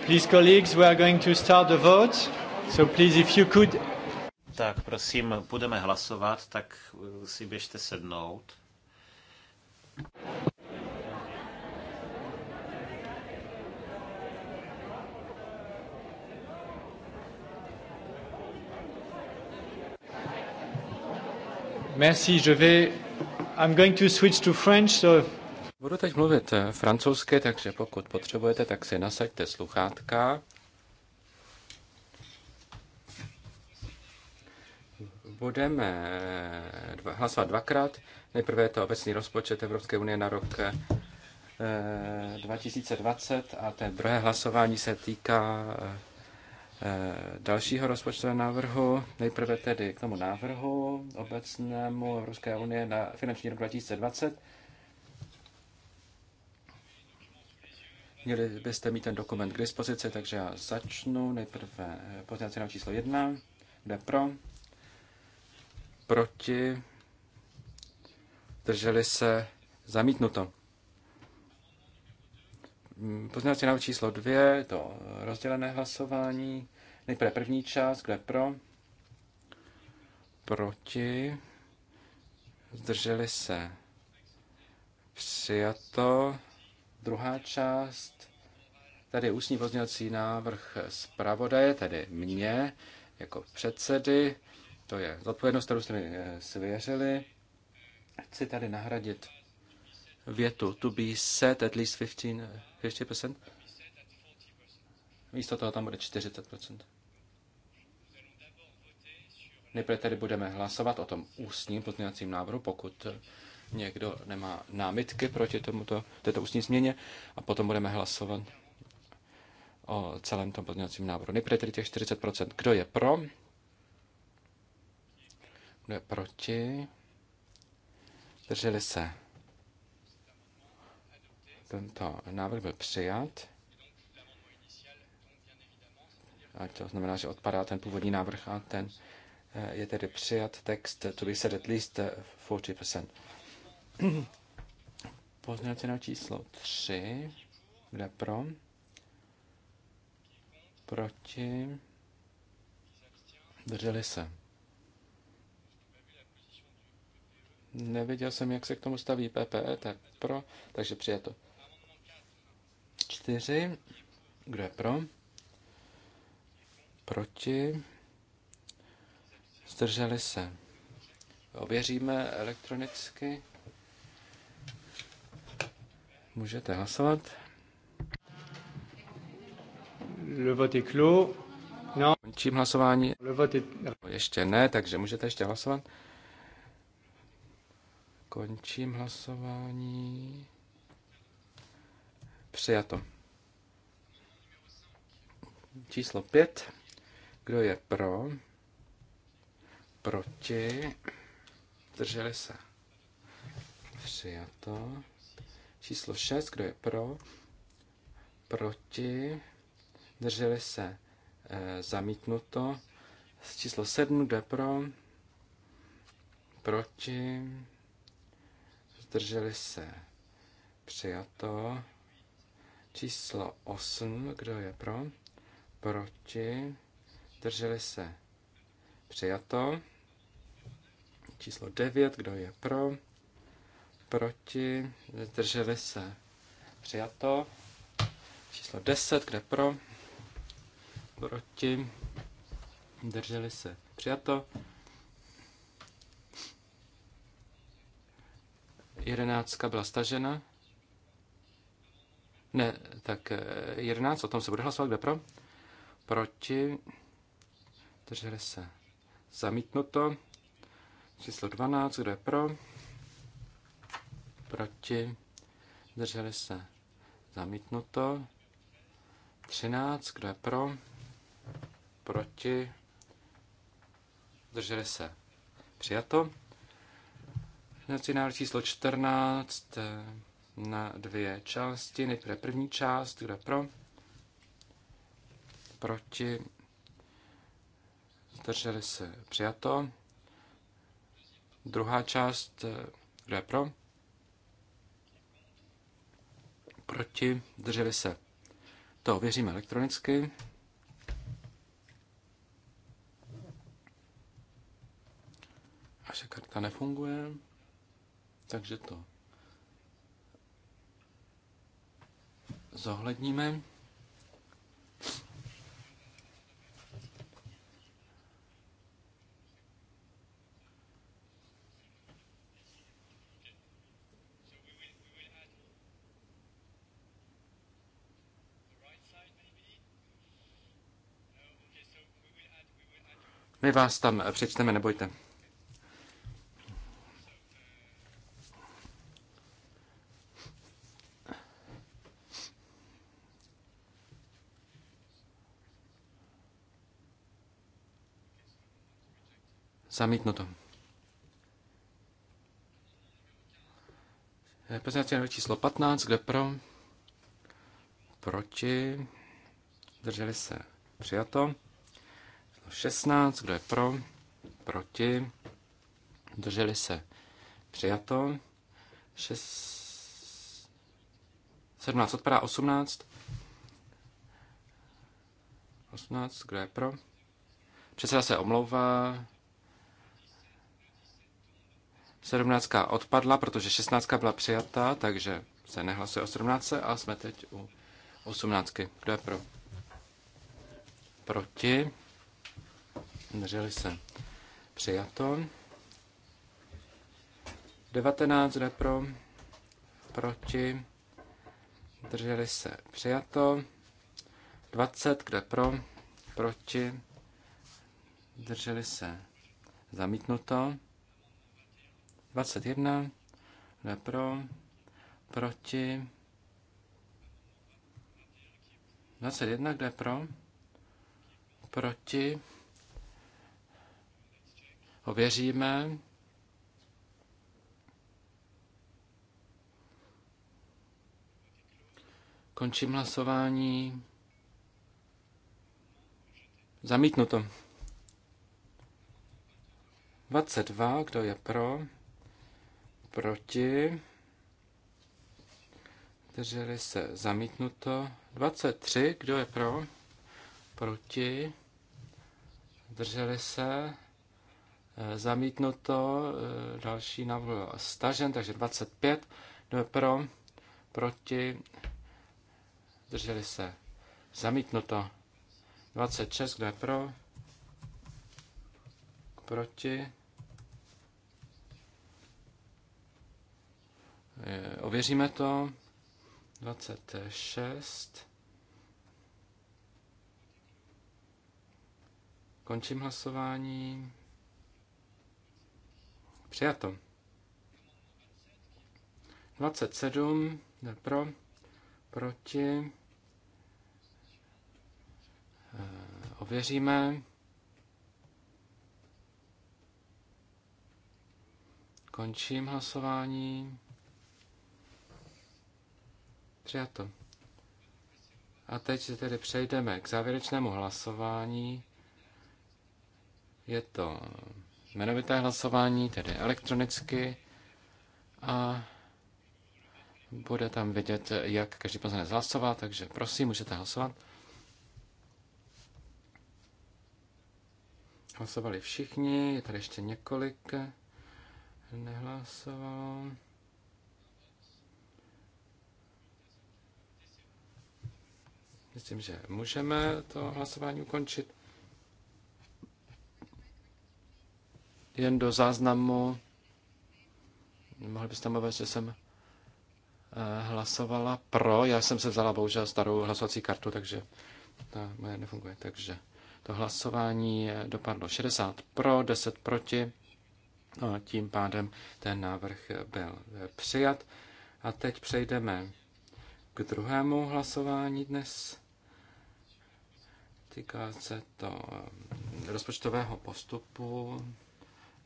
Please, colleagues, we are going to start the vote. So please, if you could... Tak, prosím, budeme hlasovat, tak eh, si běžte sednout. Merci, je vais... I'm going to switch to French, so Budu teď mluvit eh, francouzsky, takže pokud potřebujete, tak si nasaďte sluchátka. Budeme eh, dva, hlasovat dvakrát. Nejprve je to obecný rozpočet Evropské unie na rok 2020 eh, a to druhé hlasování se týká dalšího rozpočtového návrhu. Nejprve tedy k tomu návrhu obecnému Evropské unie na finanční rok 2020 Měli byste mít ten dokument k dispozici, takže já začnu. Nejprve eh, pozdělací na číslo 1, kde pro, proti, drželi se, zamítnuto. Mm, pozdělací na číslo 2, to rozdělené hlasování. Nejprve první část, kde pro, proti, zdrželi se, přijato Druhá část, tady je ústní pozměňovací návrh zpravodaje, tedy mě jako předsedy, to je zodpovědnost, kterou jste mi eh, svěřili. Chci tady nahradit větu to be set at least 15, 50%. Místo toho tam bude 40%. Nejprve tedy budeme hlasovat o tom ústním pozměňovacím návrhu, pokud někdo nemá námitky proti tomuto, této ústní změně a potom budeme hlasovat o celém tom pozměňovacím návrhu. Nejprve tedy těch 40%. Kdo je pro? Kdo je proti? Drželi se. Tento návrh byl přijat. A to znamená, že odpadá ten původní návrh a ten eh, je tedy přijat text to be se at least 40%. Eh, Pozměňovací na číslo 3, kde pro, proti, drželi se. Neviděl jsem, jak se k tomu staví PPE, tak pro, takže přijato. 4, kde pro? Proti, zdrželi se. Ověříme elektronicky. Můžete hlasovat. Le vote est clos. No. Čím hlasování. Le vote est... Ještě ne, takže můžete ještě hlasovat. Končím hlasování. Přijato. Číslo 5. Kdo je pro? Proti? Drželi se. Přijato. Číslo 6, kdo je pro? Proti? Drželi se e, zamítnuto. Číslo 7, kdo je pro? Proti? Zdrželi se přijato. Číslo 8, kdo je pro? Proti? Drželi se přijato. Číslo 9, kdo je pro? proti, zdrželi se přijato. Číslo 10, kde pro, proti, zdrželi se přijato. 11 byla stažena. Ne, tak 11, eh, o tom se bude hlasovat, kde pro? Proti, zdrželi se zamítnuto. Číslo 12, kde pro? proti, zdrželi se zamítnuto. 13, kdo je pro, proti, zdrželi se přijato. Pozměňovací návrh číslo 14 eh, na dvě části. Nejprve první část, kdo je pro, proti, zdrželi se přijato. Druhá část, eh, kdo je pro, proti, drželi se. To ověříme elektronicky. Naše karta nefunguje, takže to zohledníme. My vás tam přečteme, nebojte. to. Pozměňovací návrh číslo 15, kde pro, proti, drželi se, přijato. 16, kdo je pro, proti, drželi se, přijato, 6, 17 odpadá, 18, 18, kdo je pro, předseda se omlouvá, 17 odpadla, protože 16 byla přijata, takže se nehlasuje o 17 a jsme teď u 18. Kdo je pro? Proti? Drželi se. Přijato. 19 jde pro. Proti. Drželi se. Přijato. 20 kde pro. Proti. Drželi se. Zamítnuto. 21 kde pro. Proti. 21 kde pro. Proti ověříme. Končím hlasování. Zamítnuto. 22, kdo je pro? Proti? Drželi se zamítnuto. 23, kdo je pro? Proti? Drželi se zamítnuto, eh, další návrh byl stažen, takže 25, kdo je pro, proti, Drželi se, zamítnuto, 26, kdo je pro, proti, eh, ověříme to, 26, končím hlasování, Přijato. 27 jde pro, proti. Eh, ověříme. Končím hlasování. Přijato. A teď se tedy přejdeme k závěrečnému hlasování. Je to jmenovité hlasování, tedy elektronicky. A bude tam vidět, jak každý poslanec hlasoval, takže prosím, můžete hlasovat. Hlasovali všichni, je tady ještě několik nehlasoval. Myslím, že můžeme to hlasování ukončit. jen do záznamu. Mohli byste mluvit, že jsem eh, hlasovala pro. Já jsem se vzala bohužel starou hlasovací kartu, takže ta moje nefunguje. Takže to hlasování dopadlo 60 pro, 10 proti. No a tím pádem ten návrh byl přijat. A teď přejdeme k druhému hlasování dnes. Týká se to eh, rozpočtového postupu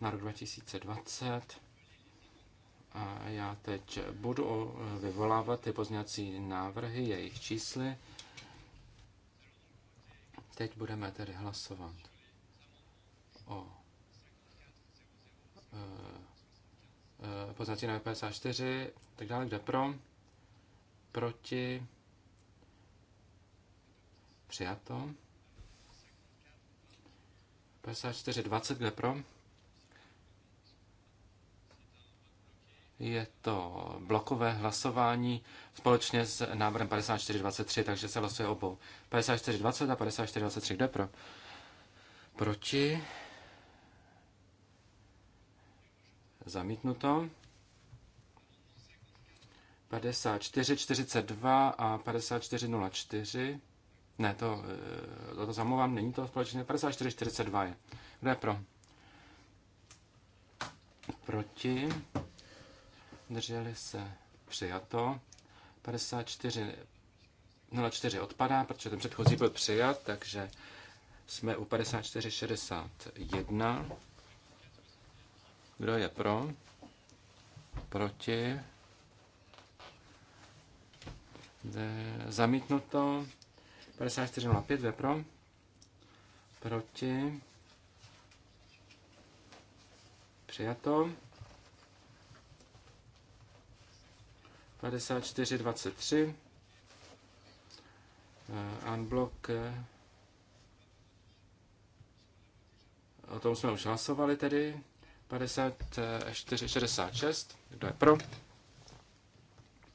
na rok 2020. A já teď budu vyvolávat ty pozněcí návrhy, jejich čísly. Teď budeme tedy hlasovat o e, návrh na 54, tak dále, kde pro, proti, přijato, 54, 20, kde pro, Je to blokové hlasování společně s návrhem 5423, takže se hlasuje obou. 5420 a 5423, kdo je pro? Proti? Zamítnuto. 5442 a 5404. Ne, to, eh, to, to zamluvám, není to společně. 5442 je. Kdo je pro? Proti? Drželi se přijato. 54 odpadá, protože ten předchozí byl přijat, takže jsme u 54,61. Kdo je pro? Proti? De, zamítnuto. 54,05, kdo je pro? Proti? Přijato. 5423. Eh, unblock. Eh, o tom jsme už hlasovali tedy. 5466. Eh, Kdo je pro?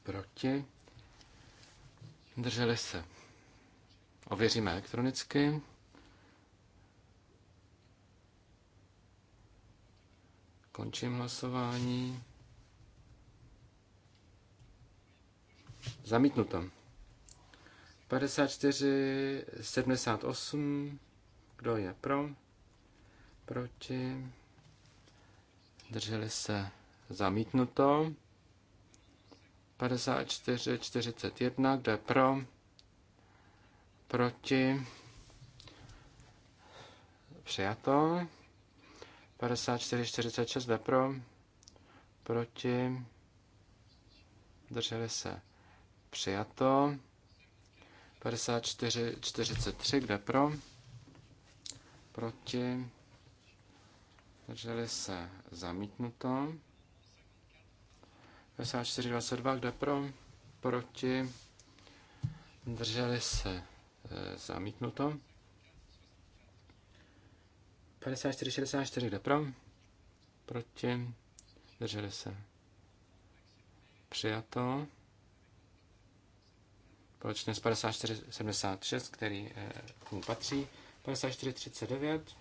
Proti. Drželi se. Ověříme elektronicky. Končím hlasování. Zamítnuto. 54, 78. Kdo je pro? Proti? Drželi se. Zamítnuto. 54, 41. Kdo je pro? Proti? Přijato. 54, 46. Kdo je pro? Proti? Drželi se Přijato. 54, 43, kde pro? Proti. Drželi se zamítnuto. 54, 22, kde pro? Proti. Drželi se e, zamítnuto. 54, 64, kde pro? Proti. Drželi se. Přijato společně s 5476, který eh, k ní patří. 5439,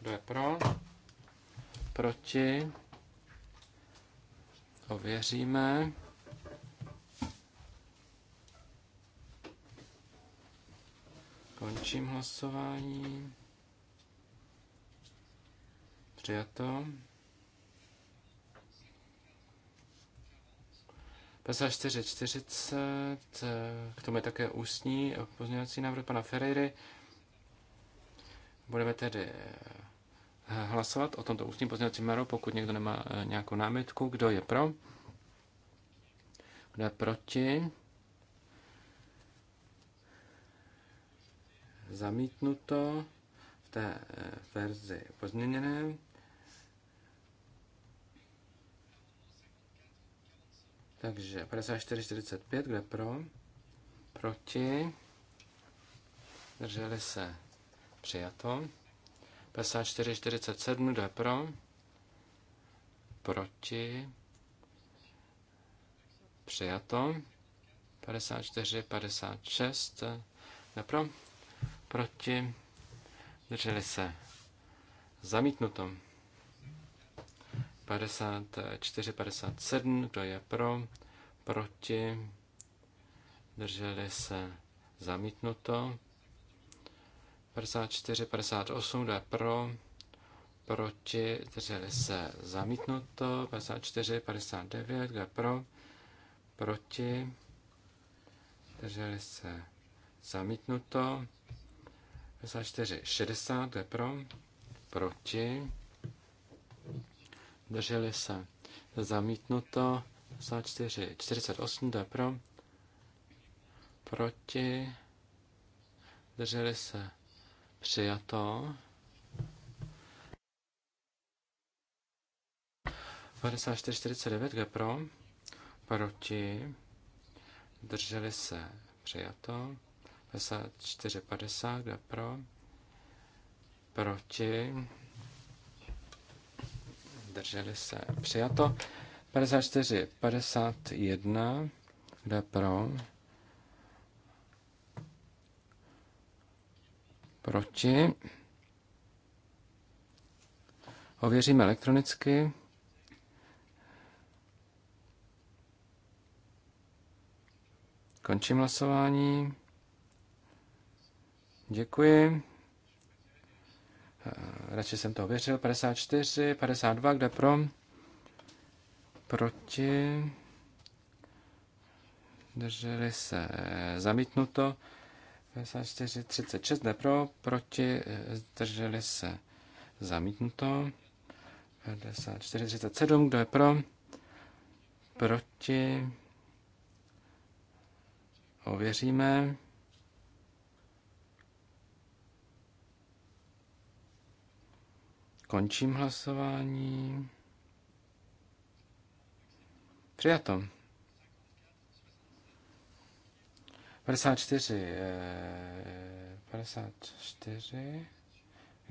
kdo je pro? Proti? Ověříme. Končím hlasování. Přijato. Pasáž 4.40, eh, k tomu je také ústní pozměňovací návrh pana Ferreiry. Budeme tedy eh, hlasovat o tomto ústním pozměňovacím návrhu, pokud někdo nemá eh, nějakou námitku. Kdo je pro? Kdo je proti? Zamítnuto v té verzi pozměněné. Takže 54,45, kde pro? Proti. Drželi se. Přijato. 54,47, kde pro? Proti. Přijato. 54,56, kde pro? Proti. Drželi se. Zamítnuto. 54, 57, kdo je pro, proti, drželi se zamítnuto. 54, 58, kdo je pro, proti, drželi se zamítnuto. 54, 59, kdo je pro, proti, drželi se zamítnuto. 54, 60, kdo je pro, proti, drželi se zamítnuto, 54, 48 jde pro, proti, drželi se přijato, 54, 49 pro, proti, drželi se přijato, 54, 50 pro, proti, zdrželi se, přijato. 54, 51, kde pro, proti. Ověříme elektronicky. Končím hlasování. Děkuji. Eh, radši jsem to ověřil, 54, 52, kde pro, proti, drželi se zamítnuto, 54, 36, kde pro, proti, eh, drželi se zamítnuto, 54, 37, kdo je pro, proti, ověříme, Končím hlasování. Přijato. 54. 54. Eh,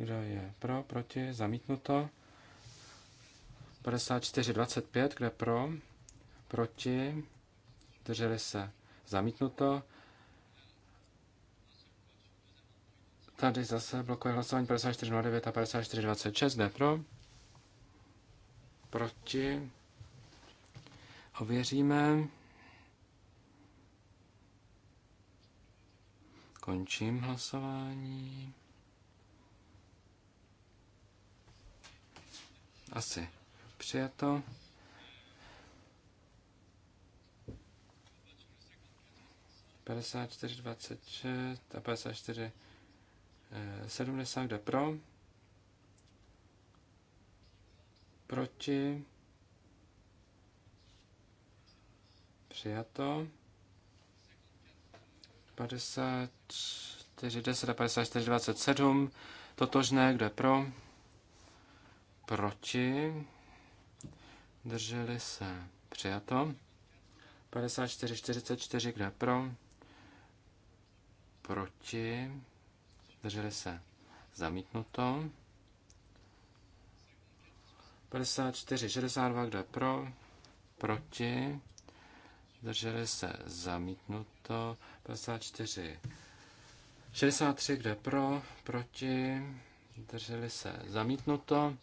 kdo je pro, proti, zamítnuto. 54, 25. Kdo je pro, proti, drželi se, zamítnuto. Tady zase blokuje hlasování 5409 a 5426. Jde pro. Proti. Ověříme. Končím hlasování. Asi přijato. Padesát čtyři dvacet šest a padesát čtyři 70, eh, kde pro, proti, přijato, 54, 10 a 54, 27, totožné, kde pro, proti, drželi se, přijato, 54, 44, kde pro, proti, zdrželi se zamítnuto. 54, 62, kdo je pro, proti, zdrželi se zamítnuto. 54, 63, kdo je pro, proti, zdrželi se zamítnuto.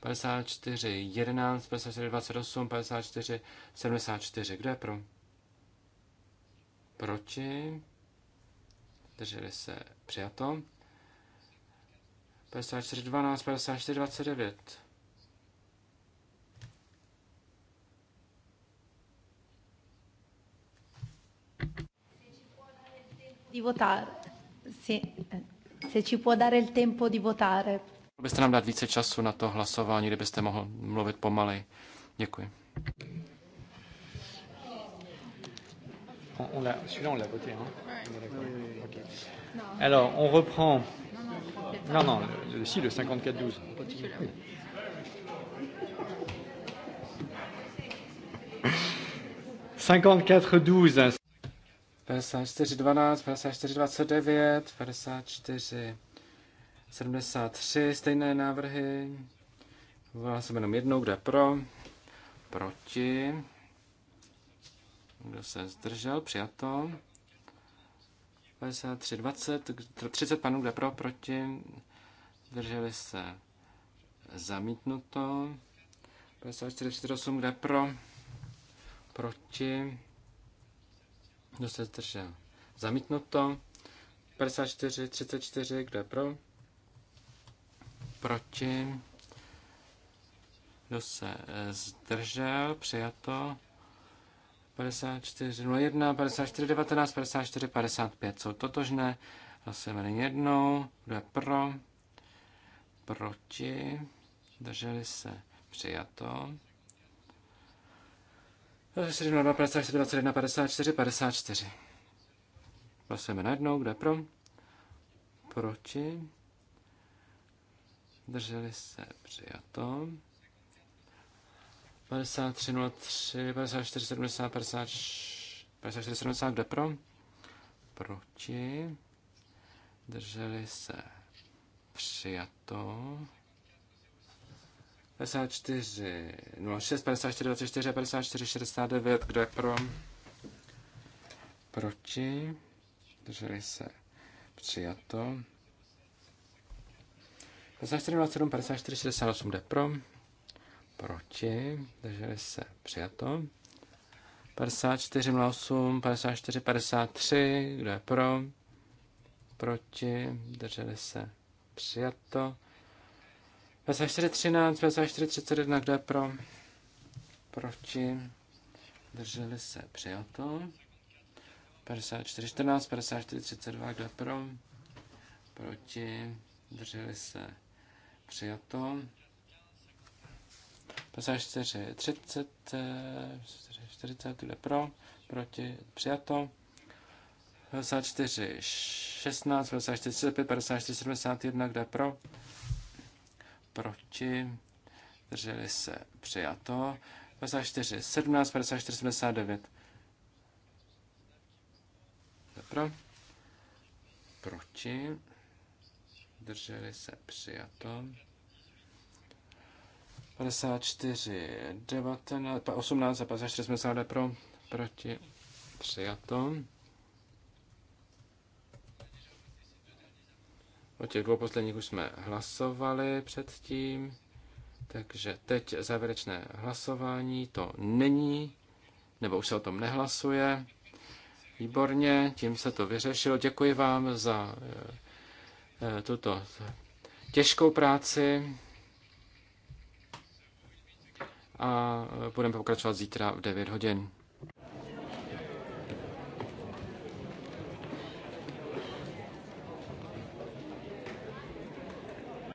54, 11, 54, 28, 54, 74. Kdo je pro? Proti? Drželi se přijato. 54, 12, 54, votare. Se, nám dát více času na to hlasování, kdybyste mohl mluvit pomalej. Děkuji on l'a, celui-là, on l'a voté. Hein ouais. on Oui, oui. Okay. Non. Alors, on reprend. Non, non, non, non le, le, si, le 54-12. Cinquante-quatre douze. 54, 12, 54, 29, 54, 73, stejné návrhy. vás jsem jenom jednou, kde pro, proti. Kdo se zdržel? Přijato. 53, 20, 30 panů kde pro, proti. Zdrželi se. Zamítnuto. 54, 48 kde pro, proti. Kdo se zdržel? Zamítnuto. 54, 34 kde pro, proti. Kdo se eh, zdržel? Přijato. 5401, 5419, 5455 jsou totožné. Hlasujeme jednou. Kdo je pro? Proti? Drželi se. Přijato. 72, 54, 21, 54, 54. Hlasujeme najednou. Kdo je pro? Proti? Drželi se. Přijato. 54, 70, 5303, 5470, 54, 70, pro? Proti. Drželi se. Přijato. 54, 06, 54, 24, 54, 69, kdo je pro? Proti. Drželi se. Přijato. 54, 07, 54, 68, jde pro? proti, drželi se přijato. 54 na 8, 54, 53, kdo je pro, proti, drželi se přijato. 54, 13, 54, 31, kdo je pro, proti, drželi se přijato. 54, 14, 54, 32, kdo je pro, proti, drželi se přijato. Pasáž 4, 30, 40, tyhle pro, proti, přijato. 54, 16, 54, 35, 54, 71, kde pro, proti, drželi se, přijato. 54, 17, 54, 79, kde pro, proti, drželi se, přijato. 54, 19, 18 a 54 jsme zále pro, proti, přijato. O těch dvou posledních už jsme hlasovali předtím, takže teď závěrečné hlasování to není, nebo už se o tom nehlasuje. Výborně, tím se to vyřešilo. Děkuji vám za eh, tuto těžkou práci a eh, budeme pokračovat zítra v 9 hodin.